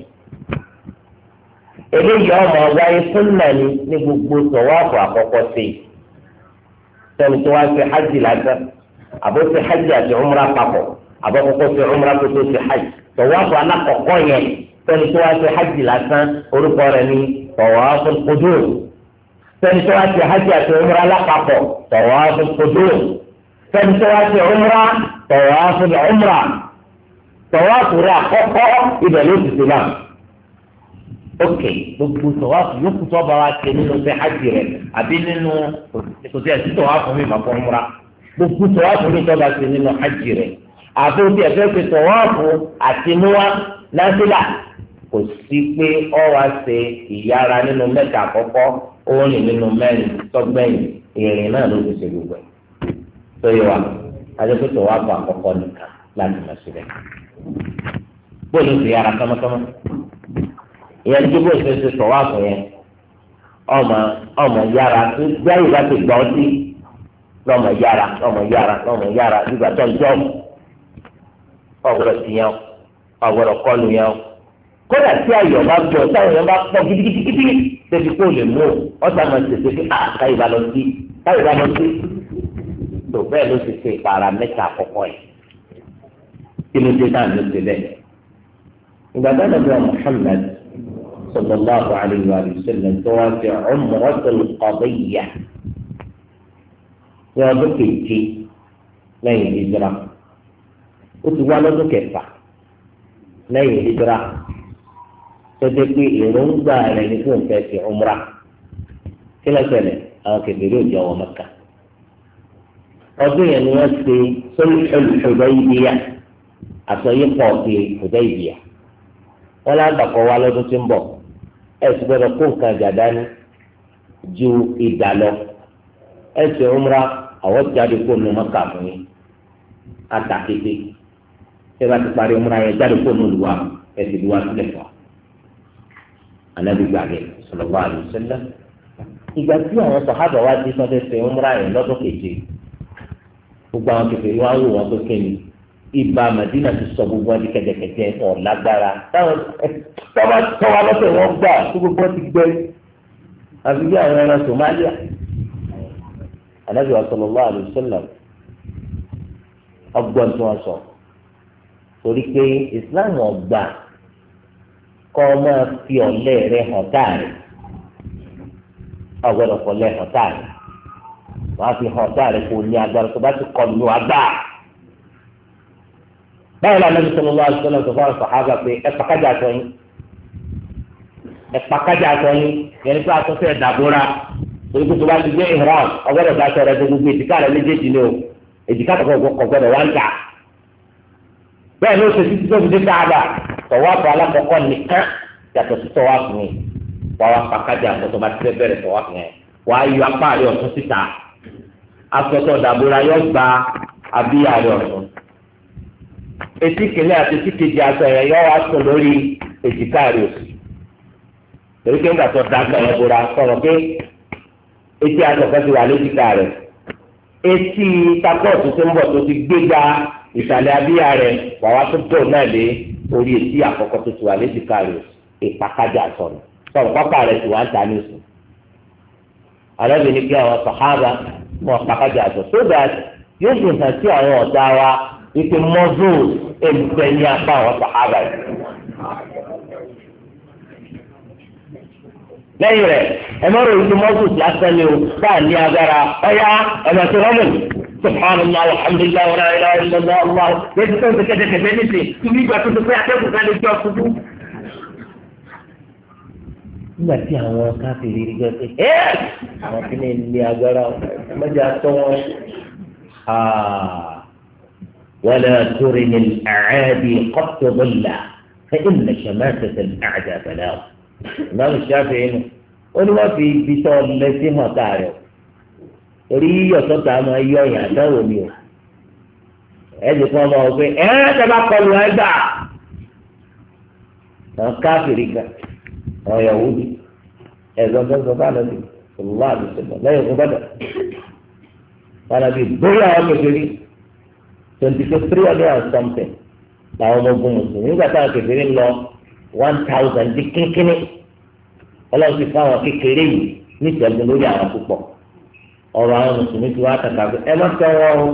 eléyìí ọmọ wáyé súnà ni ní gbogbo sọ̀wáàfù àkọ́kọ́ sí i sẹ́ni tó wá sí hajj lásán àbó sí hajj àti umra papọ̀ àbó kọ́kọ́ sí umra tó tó sí hajj sọ̀wáàfù alákọ̀ọ́kọ́ yẹn sẹ́ni tó wá sí hajj lásán orúkọ rẹ̀ ní sọ̀wáàfù kudúr sẹ́ni tó wá sí hajj àti umra lápapọ̀ sọ̀wáàfù kudúr sẹ́ni tó wá sí umra sọ̀wáàfù umra sọ̀wáàfù rẹ̀ àkọ́kọ́ ibẹ̀ Ok, gbogbo tọ̀wáfù yókù tó bá wa ṣe nínú ṣe hajj rẹ̀ àbí nínú kò sí ẹ̀sìn tọ̀wáfù mi màá fọ́n múra gbogbo tọ̀wáfù mi tó bá ṣe nínú hajj rẹ̀ àbí o ti ẹ̀fẹ́ pé tọ̀wáfù àtinúwá násìlà kò sí pé ọ wá ṣe ìyára nínú mẹ́ta àkọ́kọ́ ó rìn nínú mẹ́rin tọ́gbẹ́yìn ìrìn náà ló ti ṣe gbogbo ẹ̀ tó yẹ wa adékò tọ̀wáfù àkọ́kọ́ nìkan láti mọ̀ sílẹ̀ bóyá o ti yára kánmọ́kánmọ́ ìyẹn ní gbogbo ìṣẹ̀ṣẹ̀ sọ wá fún yẹn ọmọ ọmọ yára gbé ayé láti gbọ́ sí lọ́mọ yára lọ́mọ yára lọ́mọ yára nígbà tó ń jọ́ ọ̀gbọ̀dọ̀ sí yẹn ọ̀gbọ̀dọ̀ kọlu yẹn kódà tí ayọ̀ bá bọ̀ táwọn yẹn bá pọ̀ gidigidigidi tẹ̀sí kó lè mú ọ̀sán máa tẹ̀sí pé àkáyé ah, bá lọ sí káyé bá lọ sí tó bẹ́ẹ̀ ló ti ṣe ìpara mẹ́ta àkọ́kọ́ yìí kí ló dé náà ló ti bẹ́ẹ̀. ìgbà bí صلى الله عليه وآله وسلم توافع عمرة القضية وابك الجي لين هجرة وتوالد كفة لين هجرة تدقي إيرون دار يكون في عمرة كلا سنة أو كبيرو جوا مكة ọdún yẹn ni wọn ṣe sọlùfẹlù Hudaybiyah wọn ládàkọ wa lọ́dún tí ń bọ̀ ẹ sì gbọ́dọ̀ kó nǹkan ìjà dání ju ìdá lọ ẹ sì ń múra àwọn jáde kó nu mọ́kà fún yín àtàkété ẹ bá ti parí múra yẹn jáde kó nu lùwà ẹ sì lùwà sílẹ̀ fún wa anabi gbàgbé sallallahu alaihi wasallam ìgbà tí àwọn sàhábà wa ti sọ fẹsẹ̀ ń yẹn lọ́dún keje gbogbo àwọn kẹfẹ́ wa wò wọn pé kéènì. ibà Madina ti sọ gbogbo ẹni kẹjẹkẹjẹ ọ tọwọ tọwọ lọsẹ wọn gbà gbogbo ti gbẹ àfi bí àwọn ẹran Somalia tí Islam ọgbà kọ máa fi rẹ hàn táàrí ọgbọdọ fọlẹ hàn táàrí wọn á fi hàn táàrí báyìí la nàbì sọlọ lọ́wọ́ sọlọ tó fọwọ́ sọ̀hábà pé ẹ pàkájà sọ yín ẹ pàkájà sọ yín yẹn tó aṣọ sẹ dàbóra torí kó tó bá ti gbé ìhram ọgbọ́dọ̀ bá sọ̀rọ̀ ẹgbẹ́ gbogbo èjìká rẹ méjèèjì ni o èjìká tó kọ̀ gbọ́dọ̀ wá ń tà bẹ́ẹ̀ ni ó ṣe títí tó fi dé káàbà tọ̀wáàpù alákọ̀ọ́kọ́ nìkan yàtọ̀ sí tọ̀wáàpù yẹn wàá wá pàkájà sọ tó bá ti fẹ́ bẹ̀rẹ̀ tọ̀wáàpù yẹn wàá yọ apá etí kìíní àti etí kejì aṣọ yẹn yọ wá sùn lórí èjìká rẹ̀ òsì torí pé nígbà tó da aṣọ yẹn bora sọ̀rọ̀ pé etí aṣọ kan ti wà lójìká rẹ̀ etí takọ́ọ̀tù tó ń bọ̀ tó ti gbéga ìsàlẹ̀ abíyá rẹ̀ wà wá tó bọ̀ náà lé orí etí àkọ́kọ́ tó ti wà lójìká rẹ̀ ìpàkájà sọ̀rọ̀ sọ̀rọ̀ pápá rẹ̀ ti wà ń ta ní sùn arábìnrin kí àwọn sàhábà mọ̀ pàkájà sọ̀ so that yóò gbìyànjú sí àwọn ọ̀dà wa ike mọ́zọ́ọ̀sì ẹ̀ǹtẹ̀ ní apá àwọn sàhábà yìí. lẹ́yìn rẹ̀ ẹ má ròyìn pé mọ́zọ́ọ̀sì lásán ni o bá a ní agbára ọ̀yá ẹ̀mọ̀ tó rọ́mù subhana allah alhamdulilah wa rahmatulah illallah allah yẹn ti tó ń sèké dẹkẹdẹ nísì tùbí ìgbà tó tó pé akẹ́kọ̀ọ́ ká lè jọ ṣubú. nígbà tí àwọn káfíìrì rí gbẹ pé ẹ àwọn kí ni ní agbára mẹjọ àtọwọn. ولا ترن الأعادي قد ظلا فإن شماتة الأعدى بلاغ الإمام الشافعي قل وفي بسول ليس ما تعرف ريو أيوة صدع ما يويا دوم يو هذه قوما وفي ايه تبقى الوالدع كافر هو يهودي إذا ما تبقى نبي صلى الله عليه وسلم لا يغبطه قال نبي بلا وكذلك twenty two three hundred and something làwọn ọmọ ogun mùsùlùmí nígbà táwọn kékeré ń lọ one thousand dín kínkínní ọlọ́run ti fáwọn kékeré yìí ní ìṣẹ́gun lórí àwọn púpọ̀ ọ̀rọ̀ àwọn mùsùlùmí ti wá kàkà pé ẹ má sọ wọn o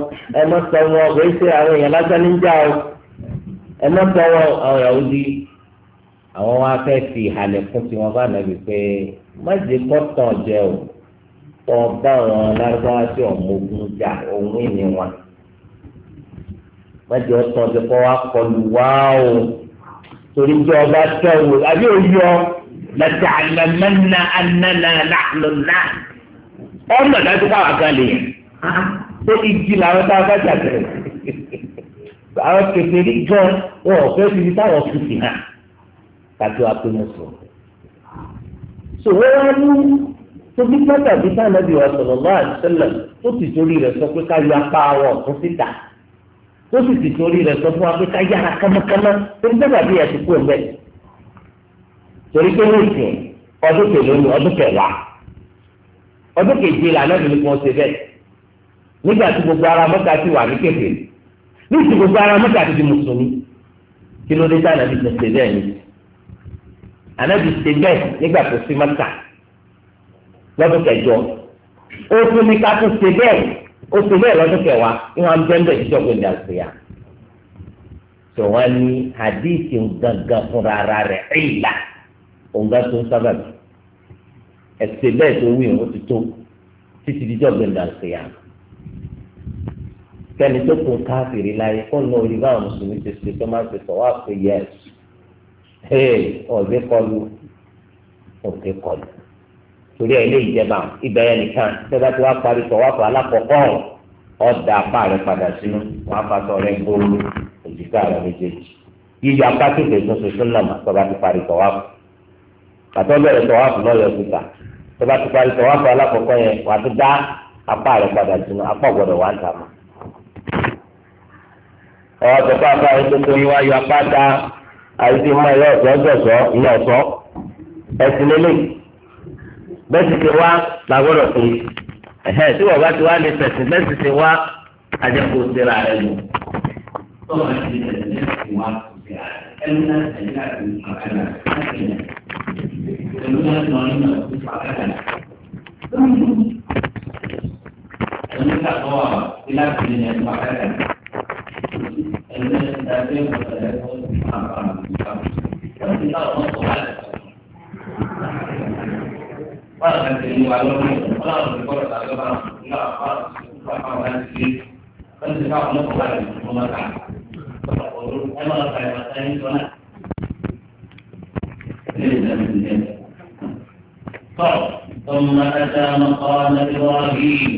ẹ má sọ wọn o kò ṣe àwọn èèyàn lásán ní o ẹ má sọ wọn àwọn ìyàwó di àwọn wa fẹ́ fi ìhàlẹ̀ fún tiwọn bá nàbì pé má jẹ́ kọ́tàn jẹ o ọba àwọn lárúbáwá tí ọmọ jà òun ìní wọn mẹjọ tọbi kọ wa kọlu wá o torí jẹ ọba tẹ wò àbí òyọ lẹsẹ àlẹmẹnà ànànà nàlùnà ọmọ dájú káwá kan lè yẹn tó ìjì làwọn tá a bá jà bẹ̀rẹ̀ àwọn kékeré gan wọn ò fẹ́ fi táwọn fi fi hàn kàtó apẹnusọ sòwò wa ní tóbi pátá bí sáà nàbí wa sọlọ lọ àti sẹlẹ tó ti torí rẹ̀ sọ pé ká yọ apá wọn fún síta tó sì ti torí rẹ̀ sọ fún wa pé ká yára kámákámá torí bẹ́ẹ̀ bàbí ẹ̀ ti kú ọ̀gbẹ́ torí pé ní ìsìn ọdún kẹlẹ́nu ọdún kẹwàá ọdún keje lànà ìlú kan ṣe bẹ́ẹ̀ nígbà tí gbogbo ara mọ́ta ti wà ní kéfì ní ti gbogbo ara mọ́ta ti di mùsùlùmí kí ló dé tá ànábi ti ṣe bẹ́ẹ̀ ni ànábi ṣe bẹ́ẹ̀ nígbà tó sí mọ́ta lọ́dún kẹjọ ó tún ní ká tún ṣe bẹ́ẹ̀ oṣù bẹ́ẹ̀ lọ́dún kẹwàá ni wọ́n bẹ́ẹ̀ bẹ́ẹ̀ jíjọ́ pé dàgbéyà. tó wọ́n ní hadithi gangan fúnra ara rẹ̀ ìlà òǹgá tó ń sábàbí ẹ̀sẹ̀ bẹ́ẹ̀ tó wí ìwọ́n ti tó títí jíjọ́ pé dàgbéyà. kẹ́ni tó kún káfìrí láyé kó lọ rí báwọn mùsùlùmí ti ṣe tó máa ń sọ wá pé yẹs ọ̀dẹ́ kọlu ọ̀dẹ́ torí ẹ lé ìjẹba ibẹ̀ yẹn nìkan tẹ́lá tí wàá parí sọ wàá fọ alákọ̀ọ́kọ́ ọ̀dà apá padà sínú wàá fasọ rẹ gbóòrò òjìká rẹ méjèèjì yíyọ apá tó tọ́ba ti parí sọ wàá fọ pàtó bẹ̀rẹ̀ sọ wàá fọ lọ́yọ̀ síta tọ́ba ti parí sọ wàá fọ alákọ̀ọ́kọ́ yẹn wàá dá apá padà sínú apá bẹ́sì ti wá làgbọ́dọ̀ pé ẹ̀hẹ́ tí wọ́n bá ti wá lè tẹ̀sí bẹ́sì ti wá àjẹkù síra rẹ̀ lò. tọ́wọ́ ti tẹ̀sí bẹ́sì ti wá ẹnu náà tẹ̀lé àti ìpàkàlà láti yẹn ẹnu náà tọ̀ nínú ìpàkàlà. ẹnu náà tọ̀ wà láti yẹn ìpàkàlà. ẹnu náà ti dàgbé ìpàkàlà fún ìpàkàlà. wọ́n ti náà wọ́n sọ̀rọ̀ para mantener un valor, para mejorar la gama, para para kan se ka wannan kuma da kuma ka kuma ko ai ma ka ya ta yin tona ne da ne to ثم أتى مقام إبراهيم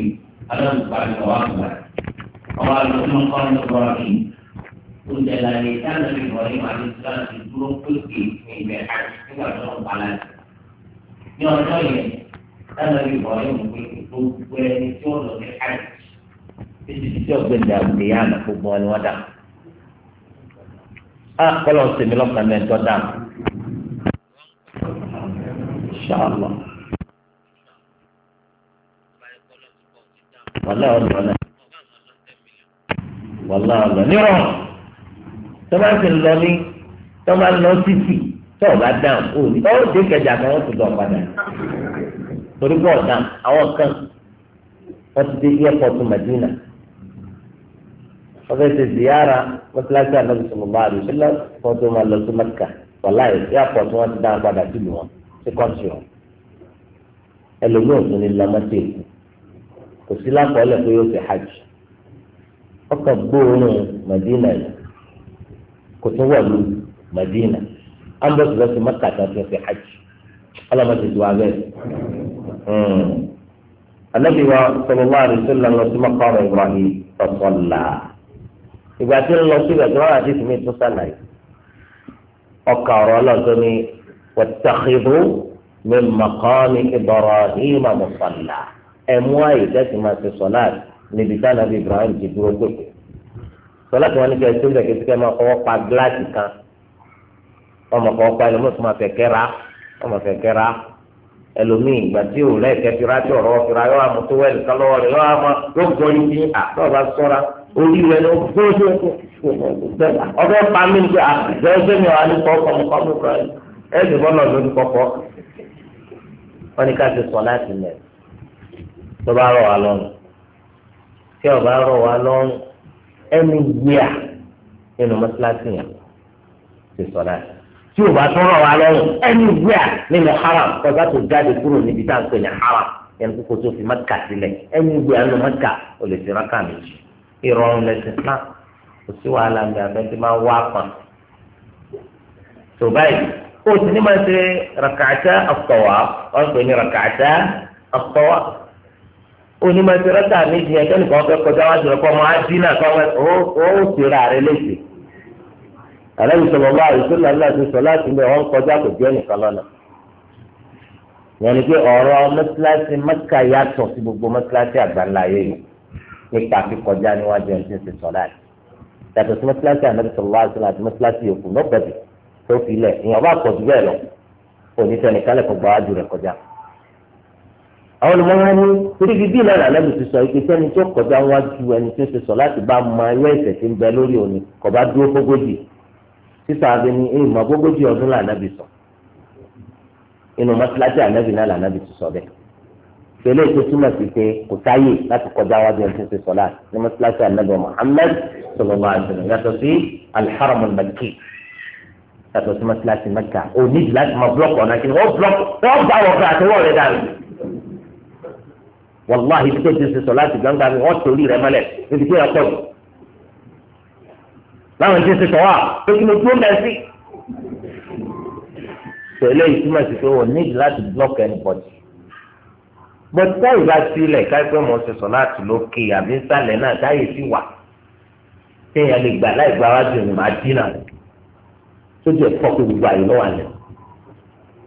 ألم بعد وأكبر قال ثم قال إبراهيم كنت لا يتم إبراهيم عليه السلام في الظروف تلقي من بحاجة إلى الظروف على ní ọjọ́ yẹn lánàá yìí wọ́n yóò gbé gbogbo ẹni tí ó lọ sí hajj títí títí ọ̀gbìn dà ní yá àná gbogbo ẹni wọ́n dà. a kọ́lọ̀ sèmi lọ́kàn mẹ́ tọ́ dà. Inshallah. wàlá ọ̀dọ̀ náà wàlá ọ̀dọ̀ nírọ̀ tọ́ba ti lọ ní tọ́ba lọ títì tọ́ ọ̀gá dáhùn ó ní ọ́ dé kẹjà kan ó ti dọ̀ padà torí bọ́ọ̀ dáhùn àwọn kan wọ́n ti dé airport Madina wọ́n fẹ́ ṣe ziyara mọ́tíláṣí ànábi sọ̀rọ̀mọ́ àdùsílẹ̀ fọ́tò máa lọ sí Mẹ́kà wàláyé airport wọn ti dáhùn padà sílùú wọn sí kọ́ńtì wọn ẹlòmíràn tún ní lamọ́tì èkó kò sí lápọ̀ọ́lẹ̀ pé yóò ṣe hajj ọkọ̀ gbóòórùn Madina yìí kò tún wọ̀ Madina yìí an bẹ sọ̀rọ̀ sí maka tó ti fi hajj alama ti tu abẹ anabi wa sallallahu alaihi wasallam lọ sí maka ọ̀rọ̀ ibrahim sọsọlá ìgbà tí ń lọ sí ìgbà tí wọn àti tìmí tó sàlàyé ọkà ọ̀rọ̀ ọlọtọ ni wàtàkìdó mi maqami ibrahim musalla ẹmú àyè tẹsí máa ti sọlá níbi tí anabi ibrahim ti dúró pépè sọlá tí wọn ní kí ẹ tó ń bẹ kí ẹ máa fọwọ́ pa kan ọmọ kan pa ẹlòmíì tó máa fẹ̀kẹ́ ra ọmọ fẹ̀kẹ́ ra ẹlòmíì ìgbà tí òun lẹ́yìn kẹfì ra tí ọ̀rọ̀ fìrà yọ àmọ́ tó wẹ̀ nìkan lọ́wọ́ rẹ̀ lọ́wọ́ àmọ́ yóò gbọ́ ní bí àtọ́ba sọ́ra orí rẹ̀ ló gbọ́dọ̀ ọbẹ̀ pa mí ní àgbẹ̀ ọbẹ̀ mi wà ní kọ́kọ́ mi kọ́ mi kọ́ ẹ̀ ẹ̀ bọ́lọ̀ lórí kọ́kọ́ wọn ni ká ti sọ láti mẹ̀ tó bá rọ̀ wá lọ́rùn tí ọba rọ̀ wá lọ́rùn ẹni yíyà nínú mọ́tíláṣí yẹn ti sọ láti tí o bá sọ̀rọ̀ wa lọ́rùn anywhere nínú haram kọjá tó jáde kúrò níbi tá à ń pè ní haram yẹn kókó tó fi mẹ́kà sílẹ̀ anywhere nínú mẹ́kà o lè fi rákà méjì ìrọ̀rùn lẹ́sìn náà kò sí wàhálà mi àfẹ́ntì máa wá kan. tó báyìí o ti ní máa ṣe rakàtà àtọ̀wá wọ́n pè ní rakàtà àtọ̀wá o ní máa ṣe rákà méjì ẹ̀kẹ́ nìkan fẹ́ kọjá wájú rẹ̀ kọ́ máa dín náà kọ́ ó ó ó ti ra rẹ̀ léṣe àlẹ́ ìṣòlọ́lá àìsílẹ̀ ńlá ti sọ láti ilé wọn kọjá kò jẹ́ nìkan lọ́nà yẹn ni pé ọ̀rọ̀ mẹ́tíláṣí mẹ́tíkà yàtọ̀ sí gbogbo mẹ́tíláṣí àgbáńlá ayé yìí nípa kíkọjá níwájú ẹni tí ń ṣe sọ̀lá rẹ̀ yàtọ̀ sí mẹ́tíláṣí ànábì sọ̀lá àìsílẹ̀ àti mẹ́tíláṣí yòókù nọ́bẹ̀dì tó fi lẹ̀ ìyẹn ọba àpọ̀jù bẹ́ẹ̀ lọ òní sẹ́ni kálẹ̀ kó gba wájú rẹ̀ kọjá. àwọn olùmọ̀wá ní toríbi bí náà ànábì ti sọ ike sẹ́ni tó kọjá wájú ẹni tó ṣe sọ láti bá mọ ayé ẹ̀sẹ̀ tí ń bẹ lórí òní kọ̀ bá dúró fógójì sísọ àbí ní ìmọ̀ gbogbojú ọdún là nàbì sọ inú mọ́sálásí ànábì náà là nàbì sọ bẹ́ẹ̀ tẹ̀lé ètò túmọ̀ sí pé kò sáyè láti kọjá wájú ẹni tó ti sọ láti ní mọ́sálásí ànábì Muhammad sallallahu alaihi wasallam yàtọ̀ sí al-haram al-makki yàtọ̀ sí mọ́sálásí Mẹ́kà ò ní jù láti máa búlọ́kù ọ̀nà kí wọ́n búlọ́kù wọ́n gbà wọ́n fẹ́ àtẹwọ́ rẹ̀ dànù wàláhi tó ti sọ láti gbangba wọ́n torí rẹ̀ mọ́lẹ̀ níbi tí wọ́n kọ́ láwọn tí ń ṣe sọ̀wá pé kí ló tó ń bẹ̀ sí. tẹ̀lé ìtumọ̀ sí pé wọ́n níbi láti block anybody. but táyì bá sílẹ̀ káyipẹ́ mọ̀ ṣe sọ láti lókè àbí sálẹ̀ náà táyì sí wà. téèyàn lè gbà láì gbà wájú ìrìn máa dínà. sójú ẹ̀ fọ́ pé gbogbo àyè lọ́wọ́ àná.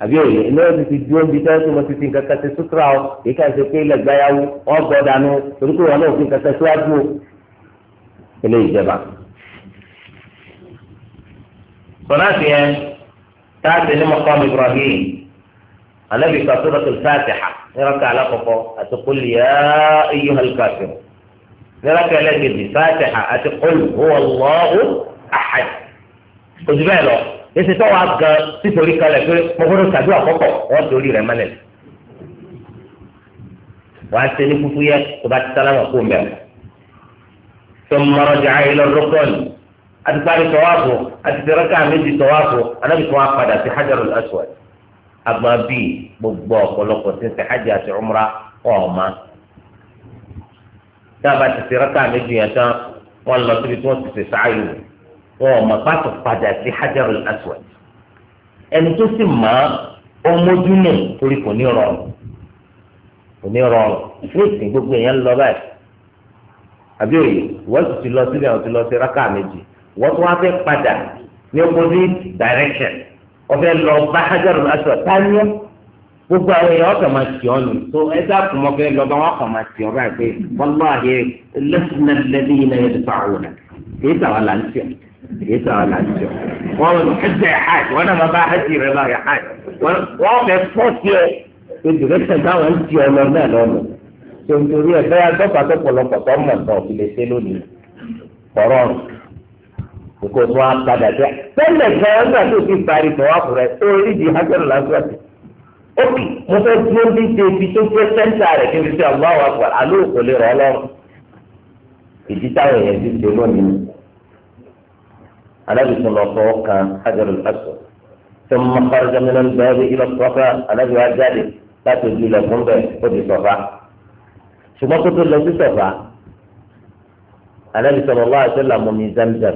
àbí òye iná ti ti dúró bíi táyì tó mọ ti ti nǹkan kan ṣe sútúrà ọ èyí ká ṣe pé ilẹ̀ gbáyàwó ọgbọ́dànù torí pé wọn náà fi nǹkan kan síwájú eléyìí jẹba sọláàtì yẹn لمقام ní maqam Ibrahim alábì ka على Fatiha níraka alákọ̀ọ́kọ́ àti qul ya ayyuhal kafir níraka ẹlẹ́gẹ̀dì Fatiha àti qul huwa Allahu ahad òtún bẹ́ẹ̀ lọ èsì tó wàá gan títorí kalẹ̀ pé mo gbọ́dọ̀ sàdúrà kọ́kọ́ wọ́n torí rẹ̀ mọ́lẹ̀ wàá ṣe ní kúkú yẹ tó bá ti sálámà kó mẹ́rin tó mọ̀rọ̀ jẹ́ àyè lọ́rọ́ kọ́ni àti parí tọ́wáfọ̀ àti tẹ̀rẹ́kà méjì tọ́wáfọ̀ anábì tó wá padà sí hajar al-aswad agbọn bíi gbogbo ọ̀pọ̀lọpọ̀ tí ń ṣe hajj àti umra ọ̀ọ́mà tí a bá ti tẹ̀rẹ́kà méjì yẹn tán wọ́n lọ síbi tí wọ́n ti ṣe sáàyè wọn ọ̀mà pàtó padà sí hajar al-aswad ẹni tó sì máa ọmọdúnú torí kò ní rọrùn kò ní rọrùn ní gbogbo èèyàn lọ báyìí àbí òye ìwọ́n ti lọ sílẹ̀ àwọn ti lọ sí rákà méjì wọ́n tún wá fẹ́ padà ní opposite direction ọ̀fẹ́ lọ bá hajarul aswad tánìyà gbogbo àwọn èèyàn ọkàn máa tì ọ́ nù tó ẹ dáàbò mọ́ fẹ́ lọ́ba wọn kàn máa tì ọ́ báyìí pé wọ́n lọ́ àyè lẹ́sìnà lẹ́bí iná yẹn ti fàáwò rẹ̀ kìí sàwọn là ń tì ọ́ kìí sàwọn là ń tì ọ́ wọ́n lọ ẹsẹ̀ hajj wọ́n náà máa bá hajj rẹ̀ báyìí hajj wọ́n fẹ́ fọ́ọ̀tì ẹ̀ pé dìrẹ́sẹ̀ táwọn ń tì ọ́ lọ náà lọ́nà tó ń torí ẹ̀ bẹ́ẹ̀ adọ́fà tó pọ̀lọpọ̀ tó mọ̀ kókó tó wá padà tẹ tẹ́lẹ̀ kan nígbà tó fi parí tọwá fúnra ẹ tó rí di hajjọrọ lásán ti ókè mo fẹ́ dúró ní débi tó fẹ́ sẹńtà rẹ kí n fi ṣe àwọn àwọn àpò àlọ òkò lè rọ Ọlọ́run ìdí táwọn èèyàn ti ṣe lónìí alábìsọ lọ fọwọ́ kan hajjọrọ lásán tó ń mọ kọrọjọ mi lọ́nà bí ilọ sọfà alábìwá jáde láti ojú ilẹ̀ fún bẹ́ẹ̀ ó di sọfà ṣùgbọ́n kó tó lọ sí sọfà alábìsọ lọ wá àṣẹ làmọ́ mi zamzam.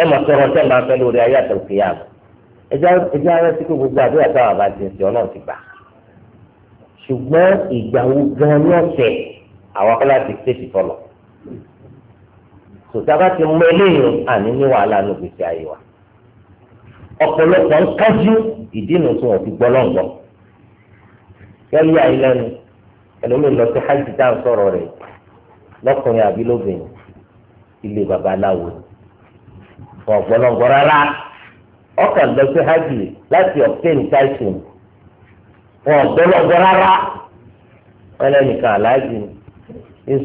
ẹ mọ̀ sọ̀rọ̀ tẹ́ máa fẹ́ lórí ayé àtọ̀kìyà ẹjẹ́ ara sí pé gbogbo àdúrà táwọn àbá ti ń sọ náà ti gbà ṣùgbọ́n ìgbà wo gan ni ọ̀sẹ̀ àwọn akọ́lá ti tètè fọlọ̀ sòtábà ti mú eléyìí àní ní wàhálà ní gbèsè ayé wa ọ̀pọ̀lọpọ̀ ń kájú ìdínà tí wọ́n fi gbọ́ lọ́ngbọ́ yẹ́lí àìlẹ́nu ẹlòmíì lọ sí hajj tá à ń sọ̀rọ̀ àbí lóbìnrin ilé babaláwo ni ọ̀pọ̀lọpọ̀ rárá ọkàn lọ sí hajj láti obtain title wọn rárá wọn aláàjì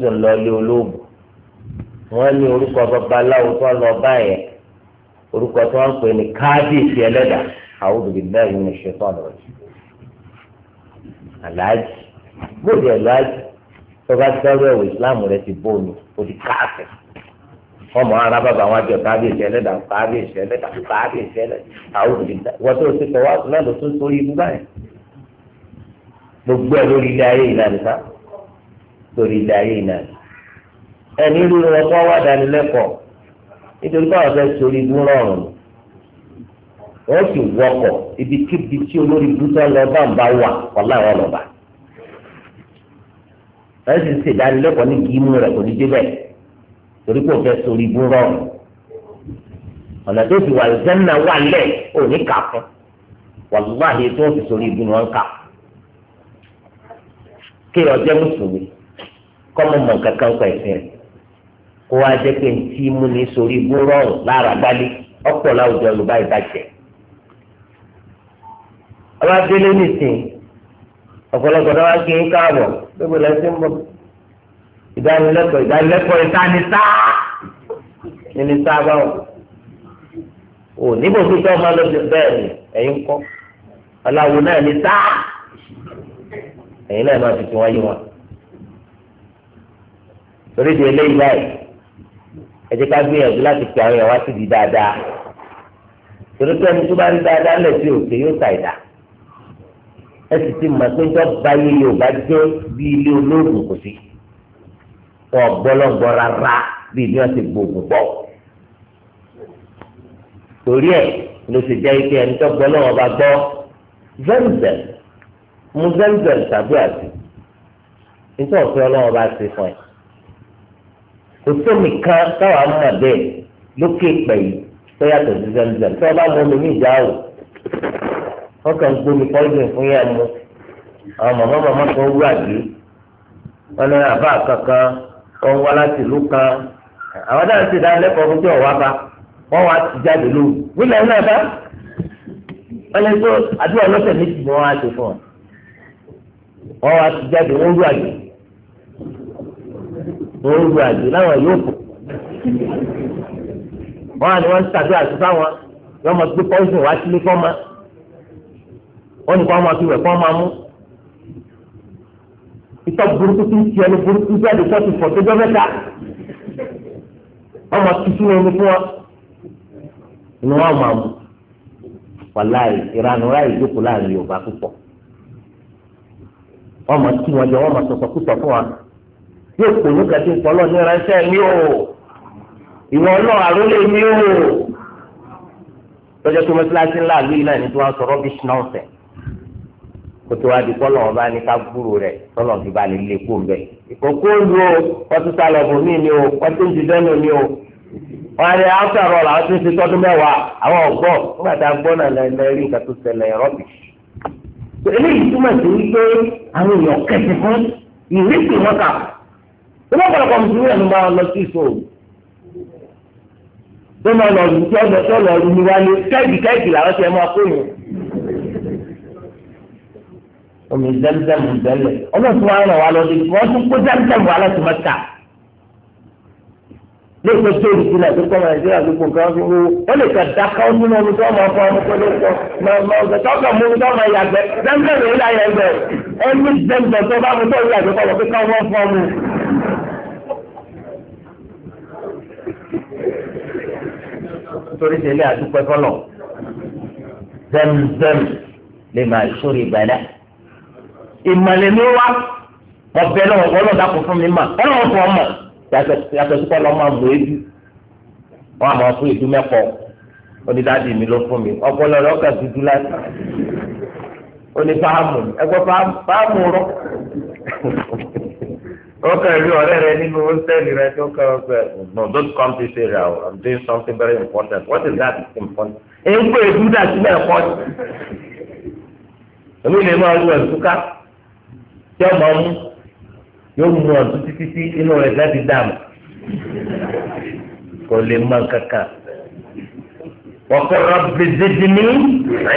lọ lé wọn ní orúkọ tó lọ báyẹn orúkọ tó ń pè ní aláàjì bóde aláàjì tó bá ìsìláàmù rẹ ti ó di ọmọ ara bàbá wọn jọ kábíyèsí ẹlẹ́dàá kábíyèsí ẹlẹ́dàá kábíyèsí àwọn òbílẹ̀ wọ́n tó ti tọ́wọ́ náà ló sórí ibú báyìí gbogbo ẹ̀ lórí ilé ayé lórí ilé ayé ẹni wọn kọ́ wá nítorí báwọn fẹ́ sórí ibú rọrùn sì wọkọ̀ ibikíbi tí olórí lọ bá ń bá wà ọ̀la àwọn ọlọ́ba torí kò fẹ́ sórí ibú rọrùn ọ̀nà tó fi wà lùsẹ́nà wà lẹ̀ ní kà fún wàlúwàhí tó fi sórí ibú ni kà kí ọjọ́ mùsùlùmí kọ́mọ mọ̀ kankan pa ẹ̀sìn kó wá jẹ́ pé ntí mú ní sórí rọrùn lára gbálẹ̀ ọ̀pọ̀ láwùjọ yorùbá nìsín ọ̀pọ̀lọpọ̀ náà wá gé e ìdánilẹ́kọ̀ọ́ ìdánilẹ́kọ̀ọ́ ìsáni sáà nínú sáà báwò ò níbo tó tọ́ máa lọ bẹ́ẹ̀ ni ẹ̀yin kọ́ aláwo náà ní sáà ẹ̀yin náà máa tuntun wáyé wọn torí di eléyìí báyìí ẹ jẹ́ ká gbìyànjú láti pe àwọn èèyàn wá síbi dáadáa torí pé ẹni tó bá rí dáadáa lẹ̀ sí òkè yóò ta ìdá ẹ sì ti mọ̀ pé ń tọ́ báyé Yorùbá jẹ́ bí ilé olóògùn kò sí wọn gbọlọgbọ rárá bí ibi wọn ti gbòògùn pọ torí ẹ ló ti jẹ́ ike ẹni tó gbọ́ lọ́wọ́ bá gbọ́ zẹ́ǹzẹ̀m mu zẹ́ǹzẹ̀m tàbí àti nítorí ọ̀fẹ́ ọlọ́wọ́ bá ṣe fún ẹ kò sómìkan táwa mọ̀ bẹ́ẹ̀ lókè pẹ̀ yìí tó yàtọ̀ sí zẹ́ǹzẹ̀m tí wọ́n bá mú omi ní ìjà o wọ́n kàn ń gbomi pọ́ìsìn fún yẹn mu àwọn mọ̀mọ́ mọ̀mọ́ kan wúwà dé wọn ní àbá kankan. wọn wá láti ìlú kan àwọn dáhùn ti dáhùn lẹ́kọ̀ọ́ fún tí ọ̀wá bá wọ́n wá ti jáde náà bá wọ́n lè tó àdúrà lọ́sẹ̀ méjì ni wọ́n ti fún ọ wọ́n wá ti jáde wọ́n rú àjò wọ́n rú àjò láwọn yóò kù wọ́n wọ́n ń fáwọn yọmọ wá sílé wọ́n ní kó ìtọ́ burúkú tí ń ti ẹni burúkú jáde tó ti fọ̀ tó jọ mẹ́ta wọ́n máa tutù ní ẹni fún wa ni wọ́n máa mú wàláì ìranù ráì jókòó láàrin Yorùbá púpọ̀ wọ́n máa tún wọn jọ wọ́n máa sọ̀tọ̀ púpọ̀ fún wa yóò pò ní kàtí ìpọ́lọ́ ní ránṣẹ́ mi ò ìwọ náà àrólé mi ò lọ́jọ́ tó mọ́tíláṣí ńlá àlú yìí náà ní tí wọ́n sọ rọ́bìṣì náà fẹ́ẹ́ kótó wa di kọlọ ọba ni ká gbúrò rẹ tọlọ fi ba lè lè kó mbẹ ìkókó lu o wọ́n tún mí ni o wọ́n ti dẹ́nu ni o wọ́n rí after all àwọn tún ti tọ́dún mẹ́wàá àwọn ọ̀gbọ́ nígbà tá a gbọ́ náà lẹ́nu rí nǹkan tó ṣẹlẹ̀ rọ́bì. eléyìí túmọ̀ sí wípé àwọn èèyàn kẹsì fún ìrísí wọn kà ìwọ́n pọ̀lọpọ̀ mùsùlùmí ẹ̀ ló máa lọ sí ìṣòro tó máa lọ sí ọ̀dọ̀ tó lọ rí ni wálé kẹ́ẹ̀kì kẹ́ẹ̀kì làwọn ti ẹ̀ máa kó yẹn omi zamzam bẹ́lẹ̀ ọlọ́sùn wa ràn wá lọ́dún wọ́n tún kó zamzam wà láti mẹ́ta lẹ́kọ̀ọ́ tó ìdí sílẹ̀ tó kọ́ nàìjíríà gbogbo nǹkan fún owó ó lè kà dáká ó nínú omi tó ọmọ ọkọ ọmọ ọkọ lóko ọmọ ọgbẹ tó ọkọ mú tó ọmọ ìyàgbẹ́ zamzam yìí là yẹ gbẹ ẹni zamzam tó bá mú tó ìyàgbẹ́ kọ́ lọ́kọ́ káwọn fún ọmọ. torí ṣe ilé àdúpẹ́ kọ́lọ̀ zamzam lè máa ṣórí ìbàdàn ìmọ̀lẹ̀ ló wá ọ̀bẹ náà ọlọ́run dákò fún mi mà ọlọ́run fún ọmọ yàtọ̀ sí kọ́lọ́ máa mú ebi wọ́n àmọ́ fún ìdú mẹ́kọ̀ onídàájì mi ló fún mi ọpọlọ rẹ ọkà dúdú láti oní fáàmù ẹgbẹ́ fáàmù rọ ọkà rí ọ̀rẹ́ rẹ nínú sẹ́ẹ̀lì rẹ tó kọ́ ọkọ no don't come this area o i'm doing something very important what is that important. èyí ń pè é dúdà sílẹ̀ ẹ̀kọ́ lè máa lu ẹ̀dúkà tí ọmọ mú yóò mú ọ̀tún títí tí inú rẹ̀ gá ti dààmú kò lè mọ kankan wọ́pẹ́ rọ́bì dídí ní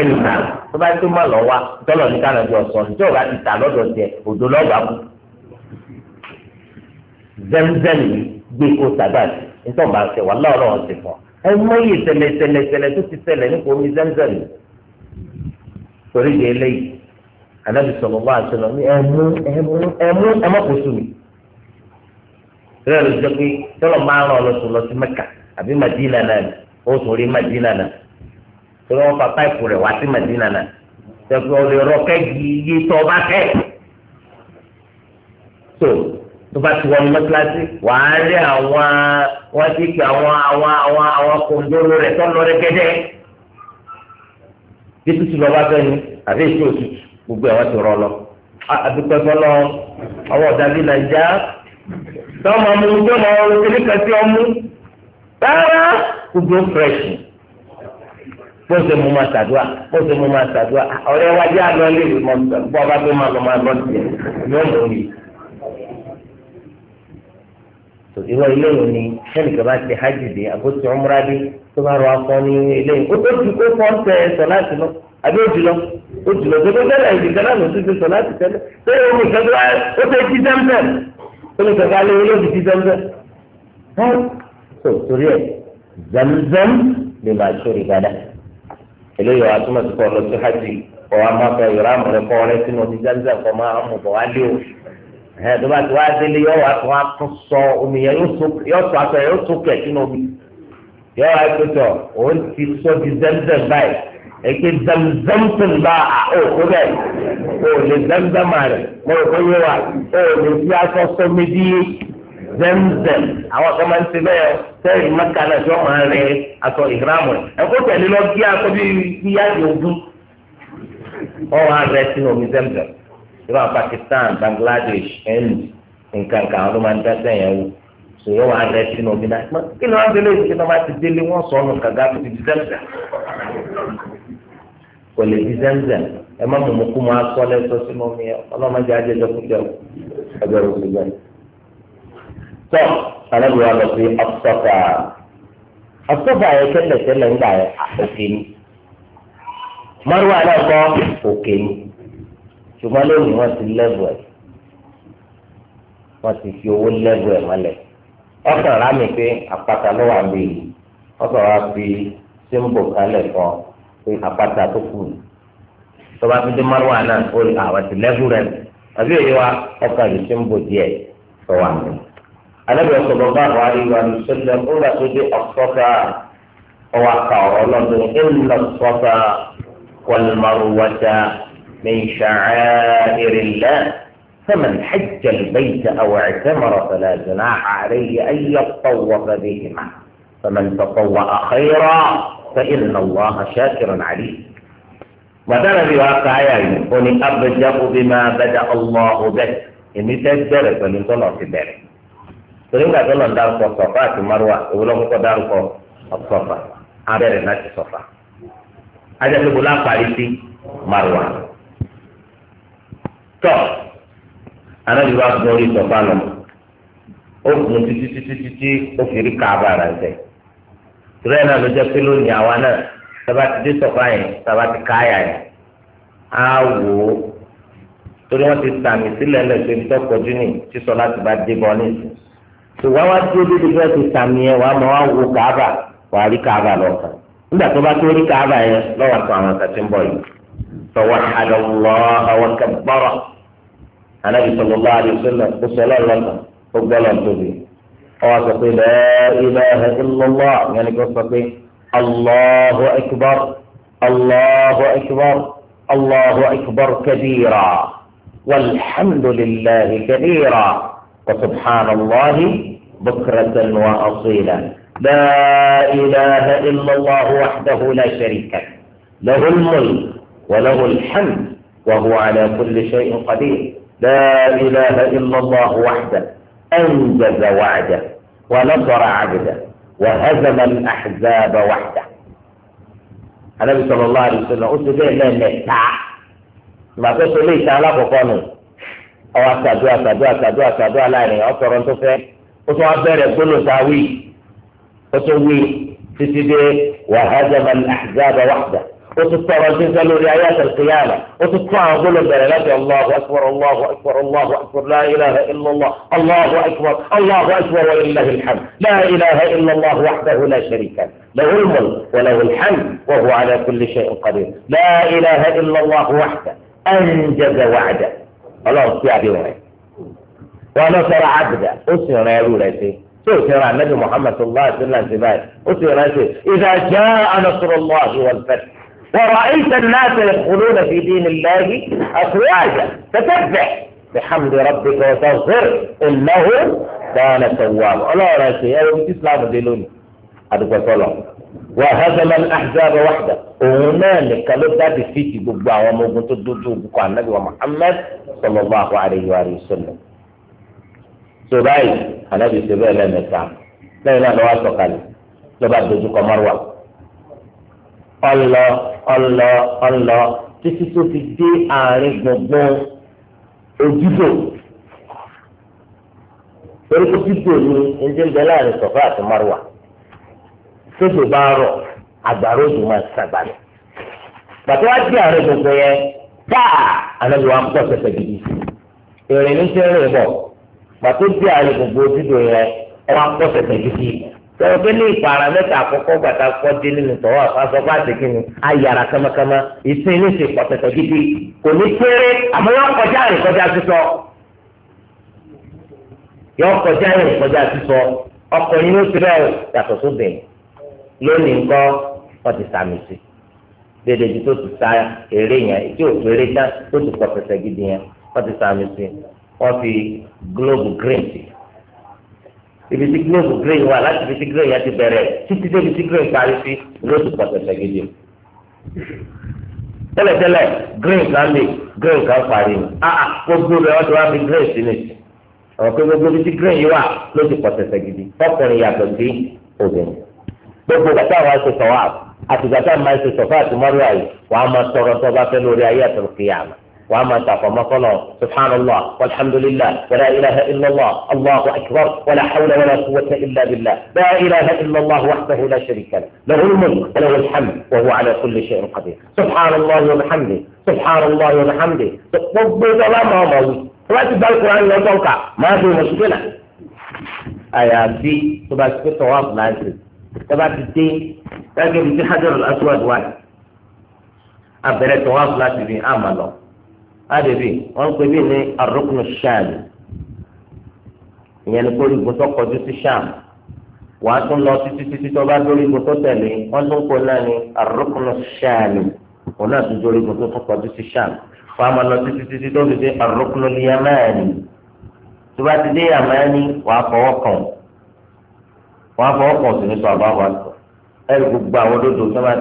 ìrìnà tó bá tó má lọ wá tọ́lọ̀ ní kánà jọ sọ tí òbá ti tà lọ́dọ̀ tiẹ̀ òdò lọ́gbà kú zẹ́mzẹ́m yìí gbé kó sàgbàdì nítorí bá ń sẹ wà lọ́wọ́ lọ́wọ́ sí fún ẹ mọ iye tẹ̀lẹ̀ tẹ̀lẹ̀ tẹ̀lẹ̀ tó ti tẹ̀lẹ̀ nípa omi zẹ́mzẹ́m yìí torí di eléyìí anabi sọlọ bá àtọlọ ní ẹmú ẹmú ẹmú ẹmọkùsù mi rẹ ló jẹ pé tọlọ máa ń rán ọlọsùn lọ sí mẹka àbí madina náà ni ó tún rí madina náà tí wọn fa páìpù rẹ wá sí madina náà tẹfẹ ọlẹ rọkẹ yíyí tọ ọba kẹ tó tó bá ti wọnú mẹkíláàsì wàá rí àwọn wọn ti pè àwọn àwọn àwọn àwọn kòńdóró rẹ tọlọ rẹ gẹdẹ bí tútù lọ bá ni àbí èso òtútù gbogbo àwọn ti rọ lọ àdúgbò sọlọ àwọn ọ̀dàbí nàìjíríà tọ́mọ mu tọ́mọ kékeré kẹsí ọmú rárá gbogbo fẹ̀rẹ̀ṣì bó ṣe mú máa ṣàdúrà bó ṣe mú máa ṣàdúrà ọ̀rẹ́ wa jẹ́ àlọ́ léèrè mọ́ bọ́ ọba tó máa lọ máa lọ tiẹ̀ yóò lò rí tò ìwọ ilé yìí ni sẹ́nìkan bá ti hajj dé àbótí ọmúradé tó bá rọ akọ ilé yìí tó ti kó fọ́ńtẹ̀ sọ lọ àbí ó lọ ó ti lọ sọ́dọ̀ tẹ́lẹ̀ ìdìgbà náà ló ti ti sọ láti tẹ́lẹ̀ tẹ́lẹ̀ omi kan tó wá ó fẹ́ jí sẹ́ńtẹ̀ omi kan ká lé olóòtú jí sẹ́ńtẹ̀. tó torí ẹ zamzam lè máa sórí gada eléyìí wàá túmọ̀ sí kọ́ lọ sí hajj kọ́ wa máa fẹ́ yọrọ àmọ̀ rẹ kọ́ rẹ sínú omi zamzam kọ́ máa mú bọ̀ wá lé o ẹ̀ tó bá ti wá délé yọ wá tó wá tó sọ omi yẹn yóò tó aṣọ yóò tó kẹ̀ sínú omi yọ wá tó tọ̀ èké zamzamtò bá a ó tó bẹ́ẹ̀ ó lè zamzama rẹ̀ mo rò pé yé wa ó lè fi aṣọ sọ méjì zamzam àwọn kan máa ń ṣe bẹ́ẹ̀ sẹ́yìn mẹ́ka náà tí wọ́n máa rẹ aṣọ ìhìrámù rẹ̀ ẹ̀kọ́ tẹ̀lé lọ bí aṣọ bí yíyáàdì ogún ọ̀hún arẹ sínú omi zamzam irú àwọn Pakistan Bangladesh ẹ̀ńdì nǹkan kan ló máa ń dá sẹ́yìn ẹ̀wò sòrò wà rẹ sínú omi náà kí ni wọ́n ń délé ìdíje náà wọ́n ti délé wọ́n sọ ọ́nù kàgá tó ti di kò lè di zẹ́ńzẹ́ ẹ má mọ̀mọ́ kú máa sọ lẹ́sọ sínú omi ọlọ́mọdé ajẹ́jọ́ kújọ́ ẹgbẹ̀rún sí bẹ́ẹ̀. tọ́ alábìyá lọ sí ọ̀sọ́fà ọ̀sọ́fà yẹn tẹ́lẹ̀ ń gbà òkè ni náà òkè ni ṣùgbọ́n lónìí wọ́n ti lẹ́bù ẹ̀ wọ́n ti fi owó lẹ́bù ẹ̀ mọ́lẹ̀ ọkàn rámi pé àpáta fi símbò pé àpáta tó kù tọ́ba fi dé márùwá náà ó rí àwọn ti lẹ́gùn rẹ̀ àbí èyí wa ọkà lè ṣe ń bò díẹ̀ tọ́wà mi. alábẹ̀ sọ̀rọ̀ bá wà ìwà ìṣẹ̀lẹ̀ ó rà tó dé ọ̀sọ́fà ọwọ́ àkà ọ̀rọ̀ lọ́dún ẹ̀ ọlọ́dún ìlú ọ̀sọ́fà wàlmárùwàjà من شعائر الله فمن حج البيت أو اعتمر فلا جناح عليه أن يطوف بهما فمن تطوع خيرا فإن الله شاكر عليم بدأنا بواقع يعني قل أبدأ بما بدأ الله به èmi fẹ́ bẹ̀rẹ̀ pẹ̀lú tọ́lọ̀ ti bẹ̀rẹ̀ torí nígbà tọ́lọ̀ ń dárúkọ sọ̀fà àti márùwà ìwúlọ́kọ́kọ́ dárúkọ sọ̀fà abẹ́rẹ́ láti sọ̀fà ajẹ́pẹ́bù lápárí sí márùwà. ìrẹ́ náà ló jẹ́ pé lónìí àwa náà sábà ti dé sọ̀fà yẹn sábà ti káyà yẹn á wò ó torí wọ́n ti sàmì sílẹ̀ lẹ́sẹ̀ ibi tó pọ̀jù ní sísọ láti bá dé bọ́ ní ìsìn tó wá wá dúró dédé bí wọ́n ti sàmì yẹn wàá mọ̀ wá wo kàába wàá rí kàába lọ́kàn nígbà tó bá tó rí kàába yẹn lọ́wọ́ àti àwọn àkàtì ń bọ̀ yìí tọwọ́ àdàwọ̀ àwọn kẹgbọ́rọ̀ anábì sọ̀rọ̀ bá àdìsọ́lọ̀ ó sọ lọ́ọ̀lọ́kàn ó gbọ́ lọ́ọ̀ واسطي لا إله إلا الله يعني كوسطي الله أكبر الله أكبر الله أكبر كبيرا والحمد لله كبيرا وسبحان الله بكرة وأصيلا لا إله إلا الله وحده لا شريك له له الملك وله الحمد وهو على كل شيء قدير لا إله إلا الله وحده أنجز وعده ونصر عبده وهزم الأحزاب وحده النبي صلى الله عليه وسلم أسد إلا النساء ما تصل لي تعالى فقانون أو أسدوا أسدوا أسدوا أسدوا لا يعني أصر أنت فيه وتو أبدا كل تاوي وتوي تسدي وهزم الأحزاب وحده وتتطور تنزل لآيات القيامة وتتطور ظلم دلالات الله أكبر الله أكبر الله أكبر لا إله إلا الله الله أكبر الله أكبر ولله الحمد لا إله إلا الله وحده لا شريك له الملك وله الحمد وهو على كل شيء قدير لا إله إلا الله وحده أنجز وعده الله في عبده ونصر عبده أسرنا يا أبو سورة النبي محمد صلى الله عليه وسلم إذا جاء نصر الله والفتح ورأيت الناس يدخلون في دين الله أفواجا تتبع بحمد ربك وتغفر إنه كان توابا الله رأيك يا رب الإسلام دلوني أدوك صلاة وهزم الأحزاب وحده وهنالك لذات فيك بقبع وموجود الدجوج عن النبي ومحمد صلى الله عليه وآله وسلم سبعي النبي سبعي لم يتعب لا إله إلا الله لو بعد دجوك ọlọ ọlọ ọlọ títí tó fi dé àárín gbọ̀ngbọ̀n ojúdò torí pé ojúdò ni ẹjẹ ń bẹ láàrin sọfà àti márùwà tóso bá rọ àgbàrá òjò máa sàgbàlẹ̀ bàtà wá dé àárín gbọ̀ngbọ̀n yẹn táà ànábi wa ń pọ̀ pẹ̀pẹ̀ gidi ìrìn ní sẹ́rìn bọ̀ bàtà dé àárín gbọ̀ngbọ̀n ojúdò yẹn ẹ wá pọ̀ pẹ̀pẹ̀ gidi tọ́wọ́ pé ní ìpara mẹ́ta àkọ́kọ́ gbàtà kọ́ dé nínú tọ́wọ́ àfàsọ́gbà àtẹ̀kí ni ayàrá kámákámá ìsìn ní ìsìn pọ̀tẹ̀tẹ̀ gidi kò ní péré àmọ́ yọ kọjá rìn kọjá sísọ yọ kọjá rìn kọjá sísọ ọkùnrin ló ti rẹ̀ yàtọ̀ sóbìn lónìí ńkọ́ wọ́n ti sàmì sí dédé ju tó ti sa eré yẹn tí ò péré tán tó ti pọ̀tẹ̀tẹ̀ gidi yẹn wọ́n sàmì sí wọ́n fi globe green ibi tí gírèsì gírèsì wà láti ibi tí gírèsì yẹn ti bẹ̀rẹ̀ títí débi tí gírèsì parí sí lóṣù pọ̀tẹ̀tẹ̀ gidi. tẹ́lẹ̀tẹ́lẹ̀ gírèsì kan lè gírèsì kan parí ni ah, ah gbogbo rẹ̀ wọ́n ti wá fi gírèsì ni àwọn pé gbogbo ibi tí gírèsì wà lóṣù pọ̀tẹ̀tẹ̀ gidi ọkùnrin yàtọ̀ sí obìnrin. gbogbo bàtà wa ṣe sọ̀wọ́ àtìgbàtà máa ṣe sọ̀fọ́ àtìmọ́rú àyè wàá máa tọrọ tó bá fẹ́ lórí ayé àtọ̀rọ̀ kéèyàn وعما ما صلاة سبحان الله والحمد لله ولا إله إلا الله الله أكبر ولا حول ولا قوة إلا بالله لا إله إلا الله وحده لا شريك له له الملك وله الحمد وهو على كل شيء قدير سبحان الله وبحمده سبحان الله وبحمده gbogbo الله ما ma wí tó bá ti توقع ما في مشكلة máa fi mùsùlùmí في tó bá ti pé tọ́wọ́ àbúláṣẹ tó bá ti dé gẹ́gẹ́ bí ti hajj àdèbí wọ́n ń pè bí ní arúgbó ṣáàlì ìyẹn ní kó igun tó kọjú sí ṣáàmù wàá tún lọ títí títí tó bá dórí igun tó tẹ̀lé wọ́n tún kó náà ní arúgbó ṣáàlì òun náà tún dórí igun tó tún kọjú sí ṣáàmù fáwọn máa lọ títí títí tó fi dé arúgbó yamáàni tó bá ti dé yamáàni wàá fọwọ́ kàn wàá fọwọ́ kàn sí ní sọ àbáwá ẹ̀rù gbogbo àwọn odòdó tó máa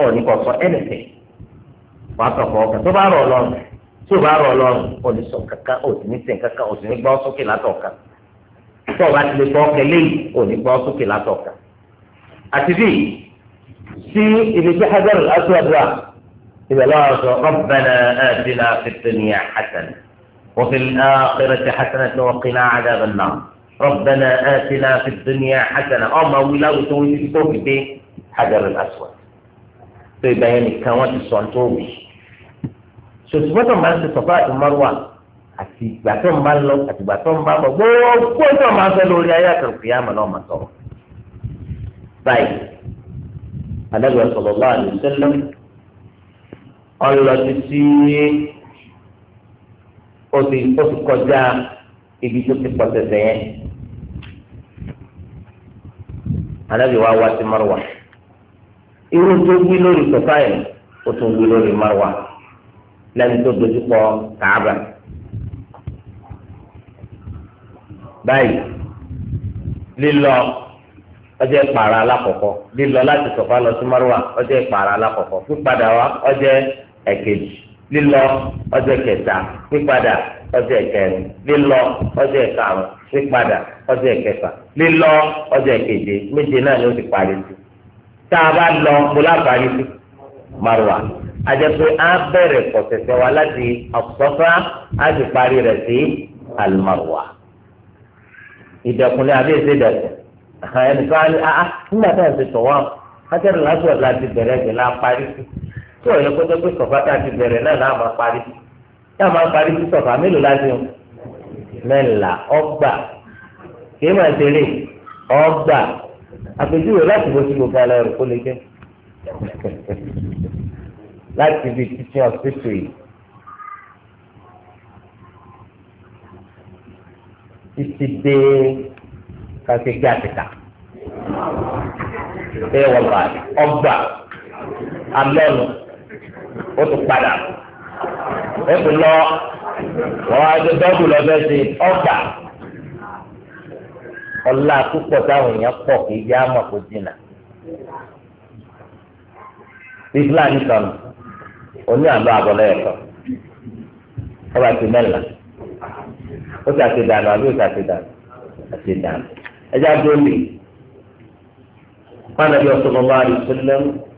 dọ̀ ẹ̀ wàá kàn fọ ọkàn tó bá rọ̀ lọ́rùn tí ò bá rọ̀ lọ́rùn ò ní sọ kankan ò sì ní sìn kankan ò sì ní gbọ́ sókè látọ̀ọ̀kan tó o bá ti lè fọ ọkàn ni sin kankan o ní gbọ́ sókè látọ̀ọ̀kan. àti bí bii si ibi tí hajar al-aswad wà ibẹ̀ lọ́wọ́ sọ rabbana atina fid dunya hasana wa fil akhirati hasanatan wa qina adhaban nar rabbana ọmọ wíláwù tó ń yí tó fi dé hajar al tó ibà nìkan wọ́n ti sọ tó wù yìí. sòtúmọ́tò máa ń ṣe sọ̀fà àti márùwà àti ìgbà tó ń bá lọ àti ìgbà tó ń bá bọ̀ gbogbo tó máa ń fẹ́ lórí ayé àtàkùn yá mọ̀ náà máa sọ̀rọ̀. báyìí adájọ́ sọ̀rọ̀ bá àdùsẹ́lẹ̀ ọlọ títí ó ti kọjá ibi tó ti pọ̀tẹ̀tẹ̀ yẹn. adájọ́ wa wá sí márùwà irú tó gbé lórí sọ̀fà yẹn ó tún gbé lórí márùwà. lẹ́nu tó dojú kọ kàába báyìí lílọ ọjọ́ ìpààrà alákọ̀ọ́kọ́ lílọ láti sọ̀fà lọ sí márùwà ọjọ́ ìpààrà alákọ̀ọ́kọ́ pípadà wa ọjọ́ ẹ̀kejì lílọ ọjọ́ kẹta pípadà ọjọ́ ẹ̀kẹrin lílọ ọjọ́ pípadà ọjọ́ lílọ ọjọ́ méje náà ni ó ti parí tá a bá lọ mo sí márùwà. àjẹpé á bẹ̀rẹ̀ pọ̀sẹ̀sẹ̀ wa láti ọ̀sọ́fà á sì parí rẹ̀ sí àlùmọ̀wà ìdẹ̀kùnlé àbí èsè dẹ̀kùn ẹnìkan á ní àá nígbà tá à ń ṣe tọ̀wọ́ ákẹ́rù lásìkò láti bẹ̀rẹ̀ ẹ̀jẹ̀ lá parí sí tí òye kó tó pé sọ̀fà tá a ti bẹ̀rẹ̀ náà náà máa parí sí náà máa parí sí sọ̀fà mélòó láti hàn ọgbà kìí máa tẹ̀lé ọgbà àpèjúwe láti bó ti gbogbo alẹ́ rẹ̀ kó lè jẹ́ láti fi títí ọ̀sítò yìí. títí dé kàṣe gbé àtìkà ẹ wọ bá ọgbà alọ́nu ó tún padà ó tún lọ wọ́n á gbé dọ́gù lọ bẹ́ẹ̀ sí ọgbà ọlá púpọ̀ táwọn èèyàn pọ̀ kì í jẹ́ kó jìnnà. Islam nìkan oní àlọ́ àbọ̀lẹ̀ ẹ̀kọ́ ọba ti mẹ́la ó ti àti dànù àbí ó ti àti dànù àti dànù ẹja dóòlì pàànàbí ọ̀sọ̀gbọ̀n àdìsílẹ̀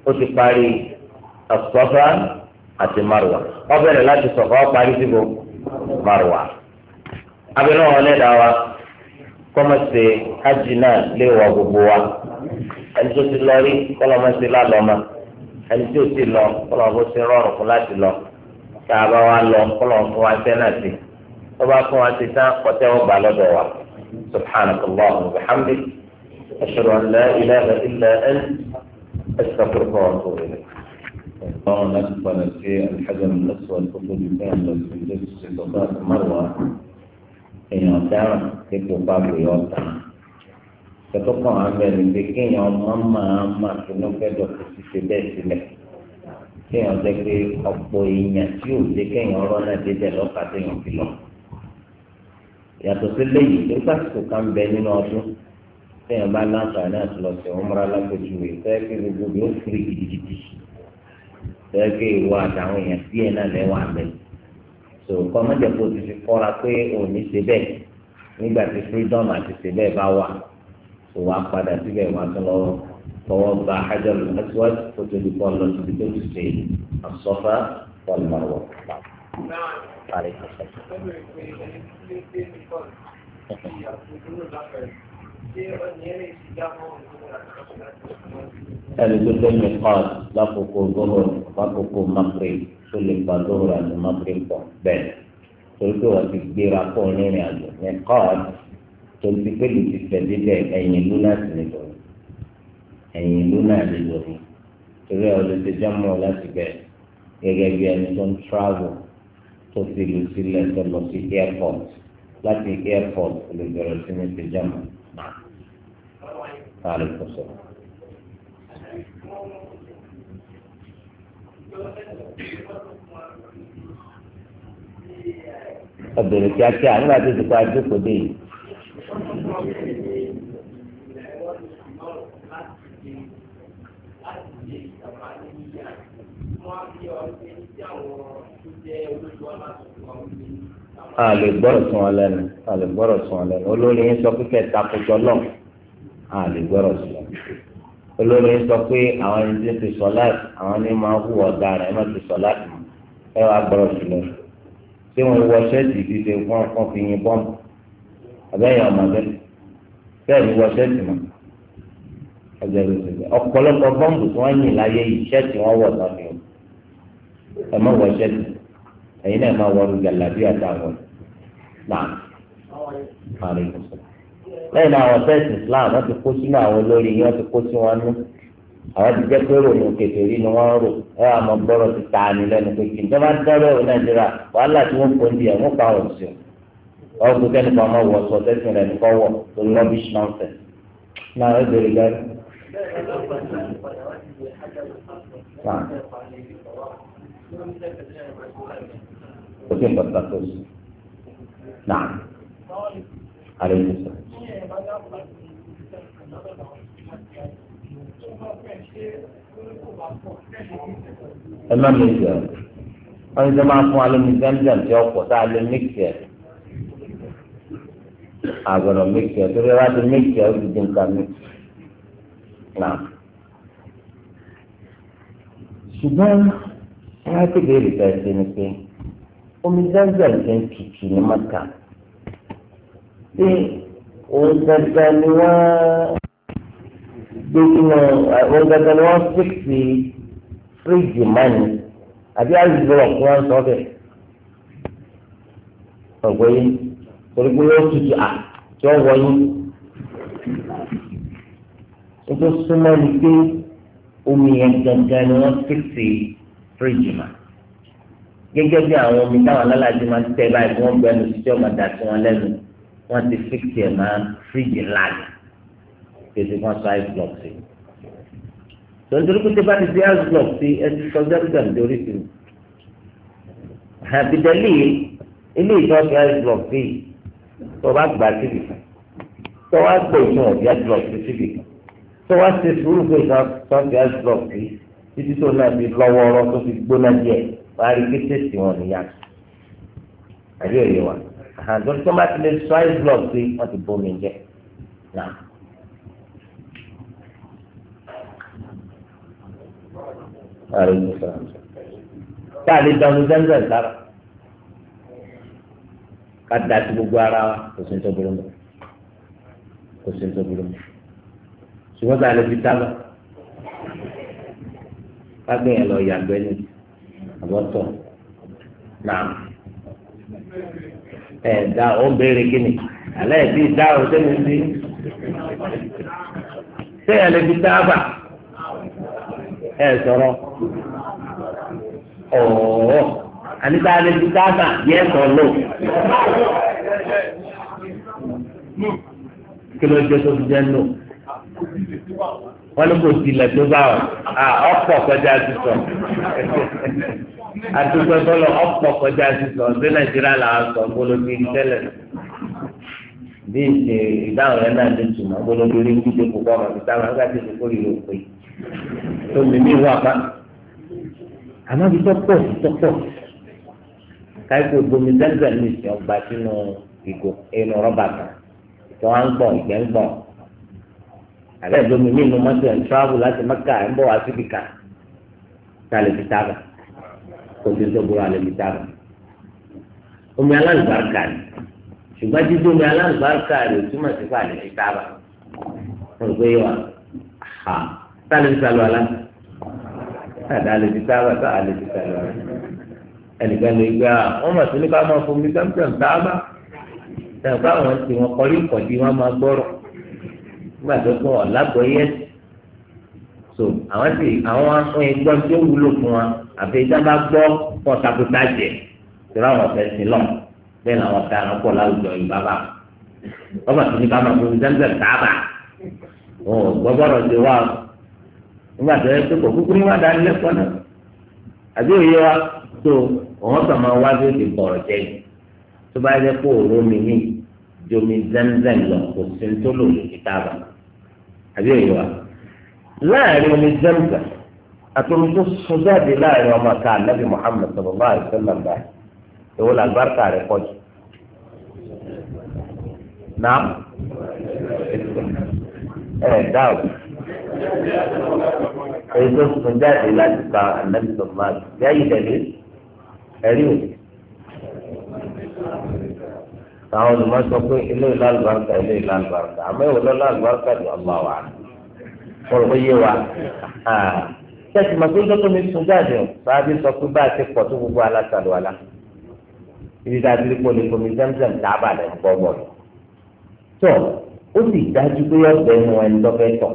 ó ti parí ọ̀sọ̀fà àti marwa ó láti parí marwa abẹ́rẹ́ wọn lẹ́dàá wa kọ́mọ̀sì hajj wọ gbogbo wa ẹni tó ti lọ rí kọ́lọ́mọ̀sì ẹni tí ó ti lọ kọlọ bó ti rọrùn fún láti lọ tá a bá wa lọ kọlọ fún wa tẹ náà sí tó bá fún wa ti tán kọtẹ wọn gbà lọ́dọ̀ wa subhanaka allahumma wa bihamdik ashhadu an la ilaha illa ant astaghfiruka wa atubu ilayk. Àwọn láti padà sí Alhajan Lọ́sọ̀ọ́ tó tóbi fún àwọn ìlú ìṣèjọba àti Márùwá. Èèyàn dáhùn tẹtọ kàn án bẹ ní pé kéèyàn ọmọ máa máa tónú fẹdọ kò sì ṣe bẹ́ẹ̀ sílẹ̀ kéèyàn jẹ pé ọ̀pọ̀ èèyàn tí ò jẹ kéèyàn rọnà dédé lọkà téèyàn fi lọ yàtọ̀ sí léyìí tó sásìkò kan bẹ nínú ọdún téèyàn bá láǹfààní àti lọ sí ọmọra lápẹjù rẹ fẹ́ẹ́ kí gbogbo yóò firi gidigidi fẹ́ẹ́ kí ìwọ àtàwọn èèyàn díẹ̀ náà lẹwà mẹ so kọ́mọ́jẹ́pọ̀ ti fi kọ́ra pé òun ní ṣe bẹ́ẹ̀ nígbà tí freedom àti ṣe bẹ́ẹ̀ bá wà tó wàá padà síbẹ̀ wàá tó lọ tọwọ́ gba hajar aswad tó tó di kọ́ lọ síbi tó ti ṣe asọ́fà wal marwa. ẹni tó tẹ́ mi kọ́ lákòókò gbọ́dọ̀ lákòókò mákèrè tó lè gba dóòrò àti mákèrè pọ̀ bẹ́ẹ̀ torí pé wọ́n ti gbéra pọ̀ nírìn àjò ní kọ́ọ̀tù tonti pé lùtì tẹ̀lé bẹ́ẹ̀ ẹ̀yìn ìlú náà sì lè lọ ẹ̀yìn ìlú náà lè lọ torí ẹ̀ ọ̀dọ̀ ti jámọ̀ láti bẹ̀ gẹ́gẹ́ bí ẹni tó ń travel tó fi lù sílẹ̀ tó lọ sí airport láti airport lè bẹ̀rẹ̀ sí ní ti jámọ̀ náà. Parí kọsọ̀. Ọ̀bẹ̀rẹ̀ kíákíá nígbà tó ti pa àjókòó dé yìí a lè gbọ́rọ̀ sùn wọn lẹ́nu a lè gbọ́rọ̀ sùn wọn lẹ́nu olórí yín sọ pé kẹta kọjọ lọ a lè gbọ́rọ̀ sùn wọn olórí yín sọ pé àwọn ẹni tí ń fi sọ láti àwọn ẹni máa ń hùwà ọ̀daràn ẹ má fi sọ láti ẹ wàá gbọ́rọ̀ sùn lọ ṣé wọn wọ ṣẹ́ẹ̀tì ti fún ọkàn fi yin bọ́ọ̀mù àbẹ́yẹ ọmọ bẹ́ẹ̀ ni wọ́n ṣẹ́ẹ̀tì mọ́ ọjọ́rú ṣẹlẹ̀ ọ̀pọ̀lọpọ̀ bọ́ǹbù tí wọ́n yìn láyé yìí ṣẹ́ẹ̀tì wọ́n wọ̀ lọ́nà o ẹ má wọ ṣẹ́ẹ̀tì ẹ̀yin náà má wọ gàlàbí àtàwọn náà àrùn ìmùsùn lẹ́yìn náà àwọn ṣẹ́ẹ̀tì Islam wọ́n ti kó sínú àwọn olórí yìí wọ́n ti kó sí wọn nú àwọn ti jẹ́ pé ròyìn kèfèrí ni wọ́n rò ẹ àmọ́ bọ́rọ̀ ti ta ni lẹ́nu pé kì í jọba dọ́rọ̀ nàìjíríà wàhálà tí wọ́n pọ̀ ń di ẹ̀ pa ọ̀sìn ọ̀rọ̀ tó kẹ́ni kan máa wọ ọ̀sọ̀ tẹ́sán rẹ̀ nìkan wọ̀ tó rubbish nonsense náà ẹ bèrè gẹ́rẹ́. kò sí nǹkan tó sùn náà àlẹ́ yìí sọ. ẹ má mi sọ ọ́n ní sọ máa fún alómi zamzam tí ọ̀pọ̀ tá a lè mix yẹn àgọ̀dọ̀ méjì ọ̀ torí wá di méjì ọ̀ ti di nǹkan méjì náà. ṣùgbọ́n wọ́n ti béèrè ká ẹsẹ̀ ni pé omi zanzan ti ń tutù ní maka bí òun dandan ni wọ́n gbé sínú òun eh, dandan ni wọ́n fíìsì fíríjì mánì àbí àyùbọ̀ kí wọ́n sọ bẹ́ẹ̀. ọ̀gbọ́n yìí torí pé yóò tutù à tí ó wọ yín o tó súnmọ́ ni pé omi yẹn gangan ni wọ́n fèsì fíríjì mà gẹ́gẹ́ bí àwọn omi táwọn alálàájì máa ń tẹ báyìí wọ́n gbẹ́nu sí ọ̀gá dà sí wọn lẹ́nu wọ́n ti fèsì ẹ̀ máa fíríjì láàyè kèsì kan sọ ice block sí tòǹtòrí pé tí bá ti di ice block sí ẹ ti sọ zẹ́rìndàm sí i àbídẹ́lì ilé ìtọ́jú ice block sí i tó bá gbà síbi kan tó wá gbé ìtàn ọ̀díà drop sí síbi kan tó wá ṣe sùúrù pé ìtàn ọ̀díà drop sí títí tó náà fi lọ́wọ́ ọ̀rọ̀ tó fi gbóná díẹ̀ wá rí kété sí wọn nìyá àbí òye wa àhàndó tó bá ti lè sọ ice block sí wọn ti bómi jẹ náà. Tá a lè dánú zẹ́ńzẹ́ sára ká da sí gbogbo ara wa kò sí ní tó burú mọ́ kò sí ní tó burú mọ́ ṣùgbọ́n tá a lè fi tábà ká gbìyànjú lọ yàgbẹ́ ní àbọ̀tọ̀ náà ẹ̀ dá ó ń béèrè kí ni alẹ́ ẹ̀ ti dá o sẹ́yìn sí sẹ́yìn lè fi tábà ẹ̀ sọ̀rọ̀ ọ̀ọ́. Anita lè fi gáàsà yẹ sọ lò. kí ló dé tó fi jẹ́ lò? wọ́n ní kò tilẹ̀ tó bá ọ̀ ọ̀pọ̀ kọjá sísọ àdúgbò bọ́lá ọ̀pọ̀ kọjá sísọ sí nàìjíríà là ń sọ gbólógiri tẹ́lẹ̀ bí ìṣe ìdáhùn rẹ̀ náà lè tùmọ̀ gbólógiri ń díje púpọ̀ ọ̀rọ̀ ìta máa ń gbà tètè kórè ló pé tó mímí wà bá àmọ́ ibi tó pọ̀ káyipò gbomi zanzan ní ìsìn ọgbà sínú ìgò inú rọ́bà kan tí wọ́n á ń gbọ̀n ìgbẹ́ ń gbọ̀n àbẹ́ gbomi mí inú mọ́tò ẹ̀ ń tíráàbù láti mẹ́kà ń bọ̀ wá síbi kan tá a lè fi tábà kó tó tó burú a lè fi tábà omi alágbàáka ni ṣùgbọ́n dídó omi alágbàáka rẹ̀ túmọ̀ sí fún a lè fi tábà mo rò pé yẹ ha tá a lè fi sálọ alá tá a lè fi tábà tá a lè fi sálọ alá ẹnìkan lè gbé a ah, wọ́n mà sí ní ká máa fomi zamzam tá a bá ẹ̀ bá wọn ti wọn kọ́lé kọ̀dí wọn máa gbọ́rọ̀ nígbà tó kọ́ ọ̀làgbọ́ yẹn so àwọn sì àwọn fún ẹgbọ́n tó wúlò fún wa àfi ìjábá gbọ́ pọ̀ takuta jẹ tó láwọn ọ̀fẹ́ sí lọ bẹ́ẹ̀ ni àwọn ọ̀daràn pọ̀ láwùjọ yìí bàbá wọ́n mà sí ní ká máa fomi zamzam tá a bá ọ̀ àbí òye wa tó òun kàn máa wá lóde bọ̀rọ̀ jẹ́ yìí tó bá yẹ kó òru mi ní jomi zẹ́mzẹ́m lọ kò sí ní tó lò lè fi àbí òye wa láàrin omi zẹ́mzẹ́m àtòmí tó sọ jáde láàrin ọmọ ká anábì Muhammad sallallahu alaihi wasallam báyìí èwo làgbàrúkà rẹ̀ pọ̀ jù náà ẹ̀ dáàbò èyí tó sùn jáde láti ka ànábì tó máa lò yá yìí tẹ̀lé ẹ̀rí o. àwọn olùmọ̀ sọ pé ilé ìlú alùbáríkà ilé ìlú alùbáríkà àmọ́ ìwọ lọ́lá alùbáríkà ni ọ̀la wà á kọ́rọ̀ ó yé wa. sẹ́ẹ̀tì màá tó dọ́tọ́ mi sùn jáde o sáábì sọ pé bá ti pọ̀ tó gbogbo alásàlù àlá ibi tá a ti rí pọ̀ ní omi zamzam tá a bá lẹ̀ ń gbọ́ bọ̀ tó ó sì dájú pé ọ̀bẹ nu ẹni lọ́fẹ́ tọ̀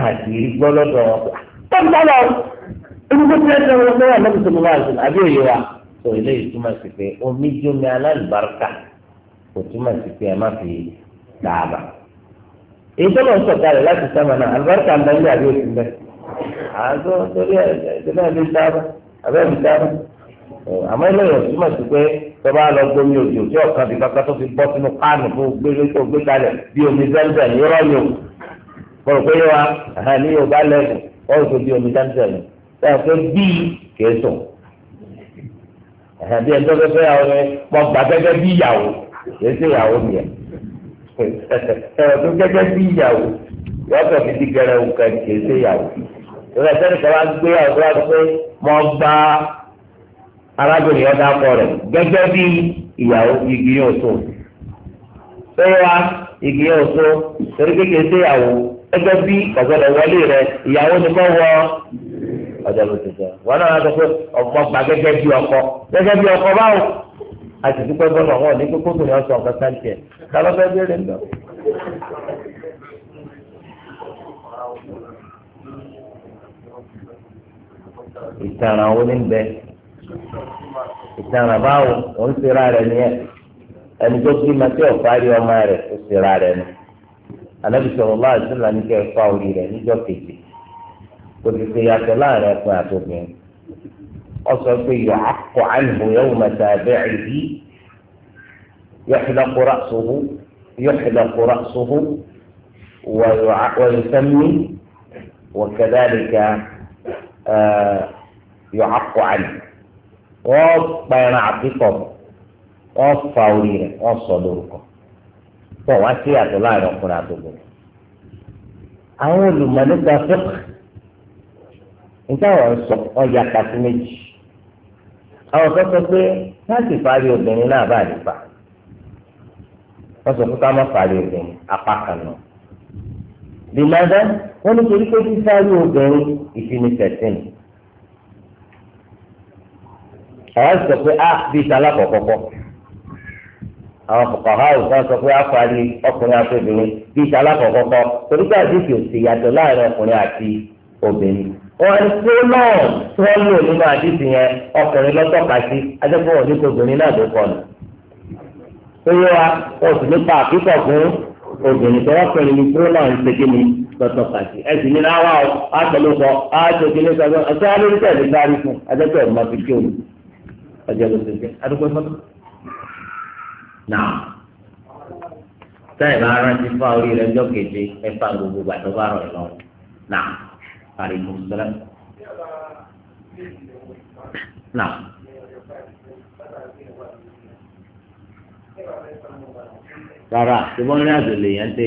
àdìrí gbọ́ lọ́dọ̀ wọn pé tọ́jú lọ inú tó tiẹ̀ tẹ̀ wọ́n lọ́wọ́ àlọ́ bìtẹ̀ lọ́wọ́ àti àbí òye wa tó eléyìí túmọ̀ sí pé omi jómi alálùbáríkà kò túmọ̀ sí pé ẹ má fi dàbà èyí tó lọ sọ̀tà rẹ̀ láti sábà náà alùbáríkà ń bẹ ní àbí òsì bẹ́ẹ̀ àgọ́ torí ẹ̀ ẹ̀ náà lè dàbà àbẹ́ mi dàbà àmọ́ eléyìí sí pé tọ́ba lọ gbomi òjò tí ọ̀kan ti kankan tó fi bọ́ sínú páànù fún gbé kọ̀rọ̀ pé wa ẹ̀hán ní yorùbá lẹ́gùn ọ̀rọ̀ tó bí omi dáńtẹ̀ mi táyà pé bíi kìí sùn ẹ̀hán bí ẹjọ́ pé fẹ́ yàwó rẹ mọ̀ gbà gẹ́gẹ́ bí ìyàwó kìí sí ìyàwó mi ẹ̀ ẹ̀rọ tó gẹ́gẹ́ bí ìyàwó yọ̀ọ́tọ̀ fi di gẹrẹ òǹkà kìí sí ìyàwó ìrẹ̀ sẹ́ni kan wá gbé ọ̀dọ́ àti pé mọ̀ gbà arábìnrin ọ̀dà kọ rẹ̀ gẹ́gẹ́ bí ìyàwó igi yóò tó. Ṣé wa igi yóò tó torí kékeré sí ẹgbẹ́ bí ọ̀gbọ́dọ̀ wọlé rẹ ìyàwó ni kò wọ ọ̀dọ̀ ló ti jẹ wọn náà sọ pé ọ̀pọ̀ gbà gẹ́gẹ́ bí ọkọ gẹ́gẹ́ bí ọkọ báwo àti dúpẹ́ gbọ́dọ̀ wọn ní kókó tó ní ọ̀sán ọ̀gá sáńtì ẹ̀ kálọ́ fẹ́ bẹ̀rẹ̀ ń lọ. ìtara wo ni bẹ ìtara báwo òun rẹ nìyẹn ẹni tó kí ma tí ọ̀fárí ọmọ rẹ ó sera rẹ nìyẹn. anabi sọ̀rọ̀ máa ti là ní kẹ́ ẹ fa orí rẹ̀ níjọ́ kejì òtítì yàtọ̀ láàrin ẹ̀kọ́ àtòkùn ọsọ pé yọ akọ àìbò yẹwò mẹ́ta ẹbẹ ẹbí yọxìlá kura sòwò yọxìlá kura sòwò wọ̀nyẹ̀sẹ̀mí wọ̀kẹ́dálíkà yọ akọ àìbò wọ́n kpẹ̀rẹ̀ àtìkọ̀ wọ́n fa orí rẹ̀ wọ́n sọ lórúkọ. pọ̀ wá sí àtọ̀ láàrin ọkùnrin àtòkò. àwọn olùmọ̀lẹ́gbà fẹ́k nígbà wọn sọ ọyà kàtí méjì àwọn kan sọ pé láti parí obìnrin náà bá lè fà wọ́n sọ pé ká má parí obìnrin apá kan náà. bìmọ̀dá wọ́n nítorí pé fífárí obìnrin ìfinisẹ̀sìn àwọn sọ pé a ah, bí ìta alákọ̀ọ́kọ́kọ́ àwọn fòkàhá òkan sọ pé àfààní ọkùnrin àti obìnrin bíi ti alákọ̀ọ́kọ́ torí pé àdìsí òsì yàtọ̀ láàrin ọkùnrin àti obìnrin. wọn ní pé náà tí wọn lò nínú àdìsí yẹn ọkùnrin lọ́tọ̀ka sí adẹ́kùn òní kò obìnrin náà ló kọ́ ni. ó yẹ wa wọn sì nípa àkíkọ̀ fún obìnrin tó ọkùnrin ní pé náà ń segin ní lọ́tọ̀ka sí. ẹ ní náwó àtẹlẹsọ àtẹlẹsọ àti alóríkẹ̀ẹ́dẹ́gbárí fún adẹ́kùn ẹ̀ náà táyì rántí fá orí rẹ jọ kéde ẹfá gbogbo gbàtọ́ bá rọ̀ lọ náà parí kò náà. rárá ṣùgbọ́n ní àjò lè yẹn dé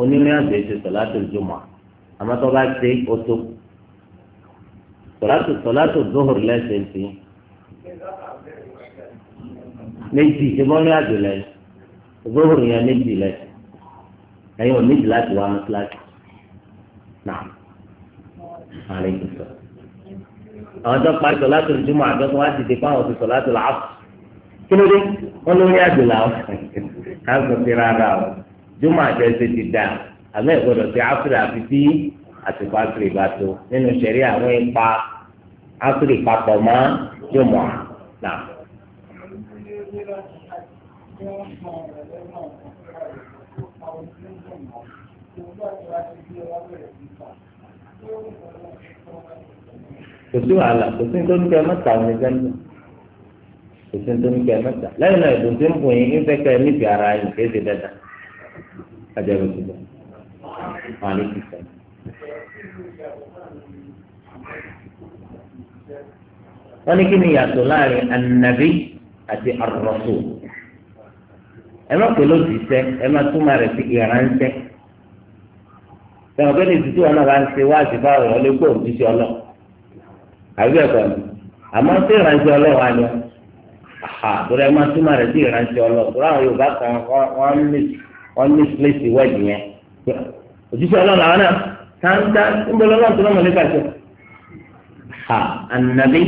onírìn àjò ètò sọ̀látò jùmọ̀ bá ó tó méjì ṣe bọ́ọ̀rìn àjò lẹ́yìn ògbóhùn yẹn méjì lẹ́yìn ẹ̀yin ò méjì láti wá mọ́síláṣí náà àlẹ́ yìí sọ. àwọn tó parí sọ láti ojú mọ́ àjọ tó wá ti di pa àwọn tó sọ láti làá kí ló dé wọn lórí àjò làwọn ká sọ sí rárá o jùmọ̀ àjọ ẹsẹ̀ ti dà àmọ́ ìgbọ́dọ̀ sí áfírí àfi tí àsìkò áfírí bá tó nínú ṣẹ̀rí àwọn ipa áfírí papọ̀ mọ́ jùmọ̀ náà kò sí wàhálà kò sí nítorí kẹ mẹ́ta ọ̀nà ìjẹ́nu kò sí nítorí kẹ mẹ́ta lẹ́yìn náà ìdùn tí ń bùn yín ń fẹ́ kẹ́ nífẹ̀ẹ́ ara yín kì í ṣe dáadáa ajẹ́rù ti bọ̀ wọn lè ti sẹ́yìn. wọ́n ní kí ni yàtọ̀ láàrin anabi àti arọ́sùn ẹ má pè lójúṣẹ́ ẹ má túmọ̀ rẹ̀ sí ìránṣẹ́ sọ̀rọ̀ pé ní ìdúdú wọn náà bá ń ṣe wá àti báwo ọ̀ lè gbọ́ òjúṣe ọlọ́ àbí ẹ̀kọ́ ni àmọ́ sí ìránṣẹ́ ọlọ́wà ni àtúrọ̀ ẹ má túmọ̀ rẹ̀ sí ìránṣẹ́ ọlọ́wà tó láwọn Yorùbá kan wọ́n ní sílẹ̀sì wẹ́ẹ̀dì yẹn òjúṣe ọlọ́wà náà táńtá ń bọ̀ lọ́wọ́ tó lọ́mọ nípa ṣe ha ànàbí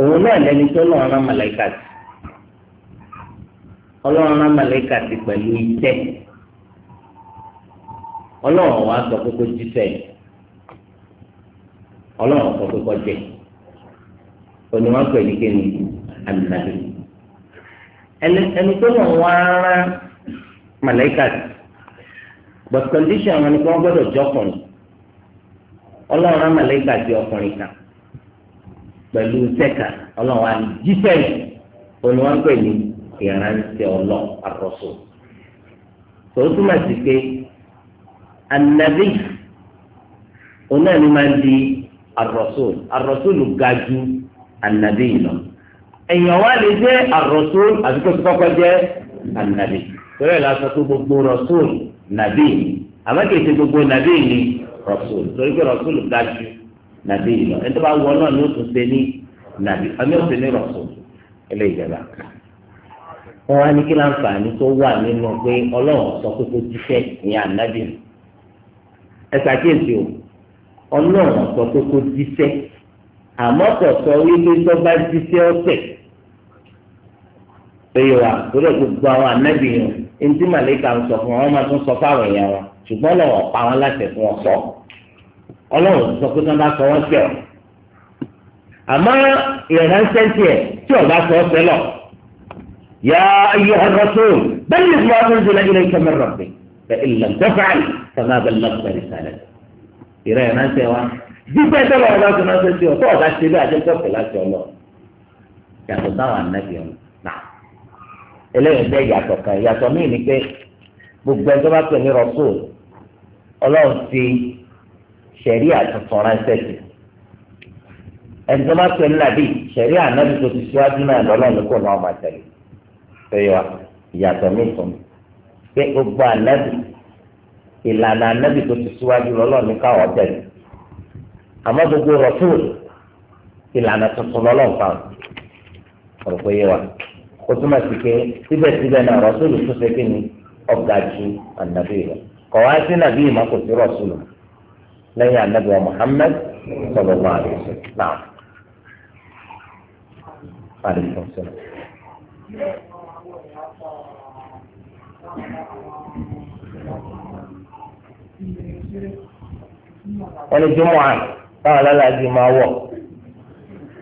òun náà lẹni tó lọ́wọ́ náà mọ̀lẹ́kà ọlọ́run rán màlẹ́kà sí pẹ̀lú iṣẹ́ ọlọ́run wa sọ pé kó jíṣẹ́ ọlọ́run sọ pé kó jẹ onímọ̀ pẹ̀lú kéwì àmìlàbí ẹni tó lọ wá rán màlẹ́kà but condition wọn ni kí wọ́n gbọ́dọ̀ jọkùnrin ọlọ́run rán màlẹ́kà sí ọkùnrin kan pẹ̀lú sẹ́kà ọlọ́run wa jíṣẹ́ onímọ̀ pẹ̀lú ìrántí ọlọ àrọsọ tó túmọ̀ sí pé anabi onáà ni máa di àrọsọ àrọsọ ló ga ju anabi lọ èèyàn wa lè jẹ àrọsọ àdúgbò tó kọ́kọ́ jẹ anabi torí ẹ̀ la sọ pé gbogbo rọsọ nàbí àmọ́ kìí ṣe gbogbo nàbí ni rọsọ torí pé rọsọ ga ju nàbí lọ ẹni tó bá wọ náà ni ó tún ṣe ní nàbí àmì ó ṣe ní rọsọ ẹlẹ́yìí jẹba wọn wá ní kí láǹfààní tó wà nínú pé ọlọ́run sọ pé kó jíṣẹ́ ìyẹn ànábì ẹ ṣàkíyèsí o ọlọ́run sọ pé kó jíṣẹ́ àmọ́ kò sọ wípé tó bá jíṣẹ́ ọ̀sẹ̀ péye wa torí gbogbo àwọn ànábì yẹn ntí màlẹ́kà ń sọ fún wọn wọn máa tún sọ fáwọn èèyàn wọn ṣùgbọ́n lọ́wọ́ pa wọn láti fún wọn sọ ọlọ́run sọ pé tí wọ́n bá sọ wọ́n sẹ́ọ̀ àmọ́ ìrẹ̀lẹ́sẹ̀ tiẹ̀ tí ọ̀gá يا أيها الرسول بلغ ما أنزل إليك من ربك فإن لم تفعل فما بلغت رسالته ìrẹ́ náà ṣe wá jíjẹ́ tẹ́lẹ̀ ọ̀dọ́ tó náà ṣe ṣe ọ̀tọ́ ọ̀dá ṣe bí àjẹsọ́pẹ̀ láti ọlọ́ yàtọ̀ sáwọn anábì ọ̀nà náà eléyìí bẹ́ẹ̀ yàtọ̀ kan yàtọ̀ míì ni pé gbogbo ẹjọ́ bá pè ní rọ́sùl ọlọ́run ti ṣẹ̀rí àtúntò ránṣẹ́ sí ẹjọ́ bá pè ní nàbì ṣẹ̀rí ànábì tó ti ṣíwájú náà lọ́lọ́run kò náà máa tẹ̀lé fẹ́yọ̀ ìyàtọ̀ mìíràn pé gbogbo ànábì ìlànà ànábì tó ti síwájú lọ́lọ́ọ̀ ní káwọ́ tẹ̀lé àmọ́ gbogbo rọ̀tún ìlànà tuntun lọ́lọ́ọ̀ fáwọn ọ̀rọ̀ pé wa kó túmọ̀ sí pé síbẹ̀síbẹ̀ náà rọ̀tún tó ṣe kí ni ọ̀gá ju anabi rẹ̀ kọ̀ sí nàbí ìmọ̀ kò sí lẹ́yìn anabi wa wọ́n ní jùmọ̀ à báwọn alálàájì máa wọ̀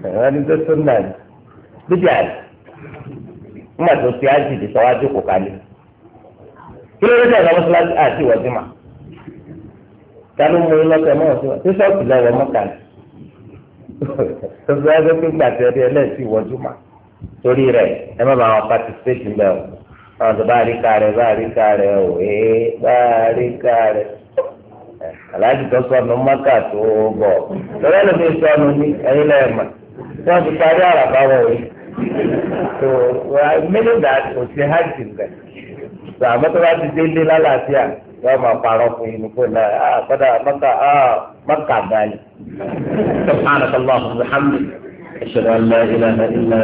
ẹ̀rọ ní tó tó náà bíbí àlè nígbà tó fi ájìdì sọ́wájú kò kalẹ̀ kí ló dé ẹ̀rọ mọ́sálásí àti ìwọ̀ jùmọ̀ tani mo yín lọ́kẹ́ mọ́ ọ̀sùn tí sọ́ọ̀tì lọ́wọ́ mọ́kà ní tó fi wáyé pé gbàtẹ́ ẹ̀rí ẹlẹ́sìn ìwọ̀ jùmọ̀ torí rẹ̀ ẹ má bàa wọn patisipéètì mẹ́wọ̀n àwọn tó bá rí ká rẹ̀ bá rí ká rẹ̀ ò é bá rí ká rẹ̀ aláàjì tó sọnù mọ́kà tó bọ̀ lọ́wọ́ ló fi sọnù ní ẹ̀yìn lẹ́ẹ̀mà tí wọ́n ti parí àràbá wọ̀ wí. tó mílíọ̀nù kò sí hajj bẹ̀ tó àmọ́ tó bá ti délé lálàáfíà yóò máa parọ́ fún yín nípò náà á kọ́dà mọ́kà á mọ́kà gan-an. sọ́kànnà tó lọ́wọ́ fún mi hàmì. ìṣẹ̀lẹ̀ ìlànà ìlànà.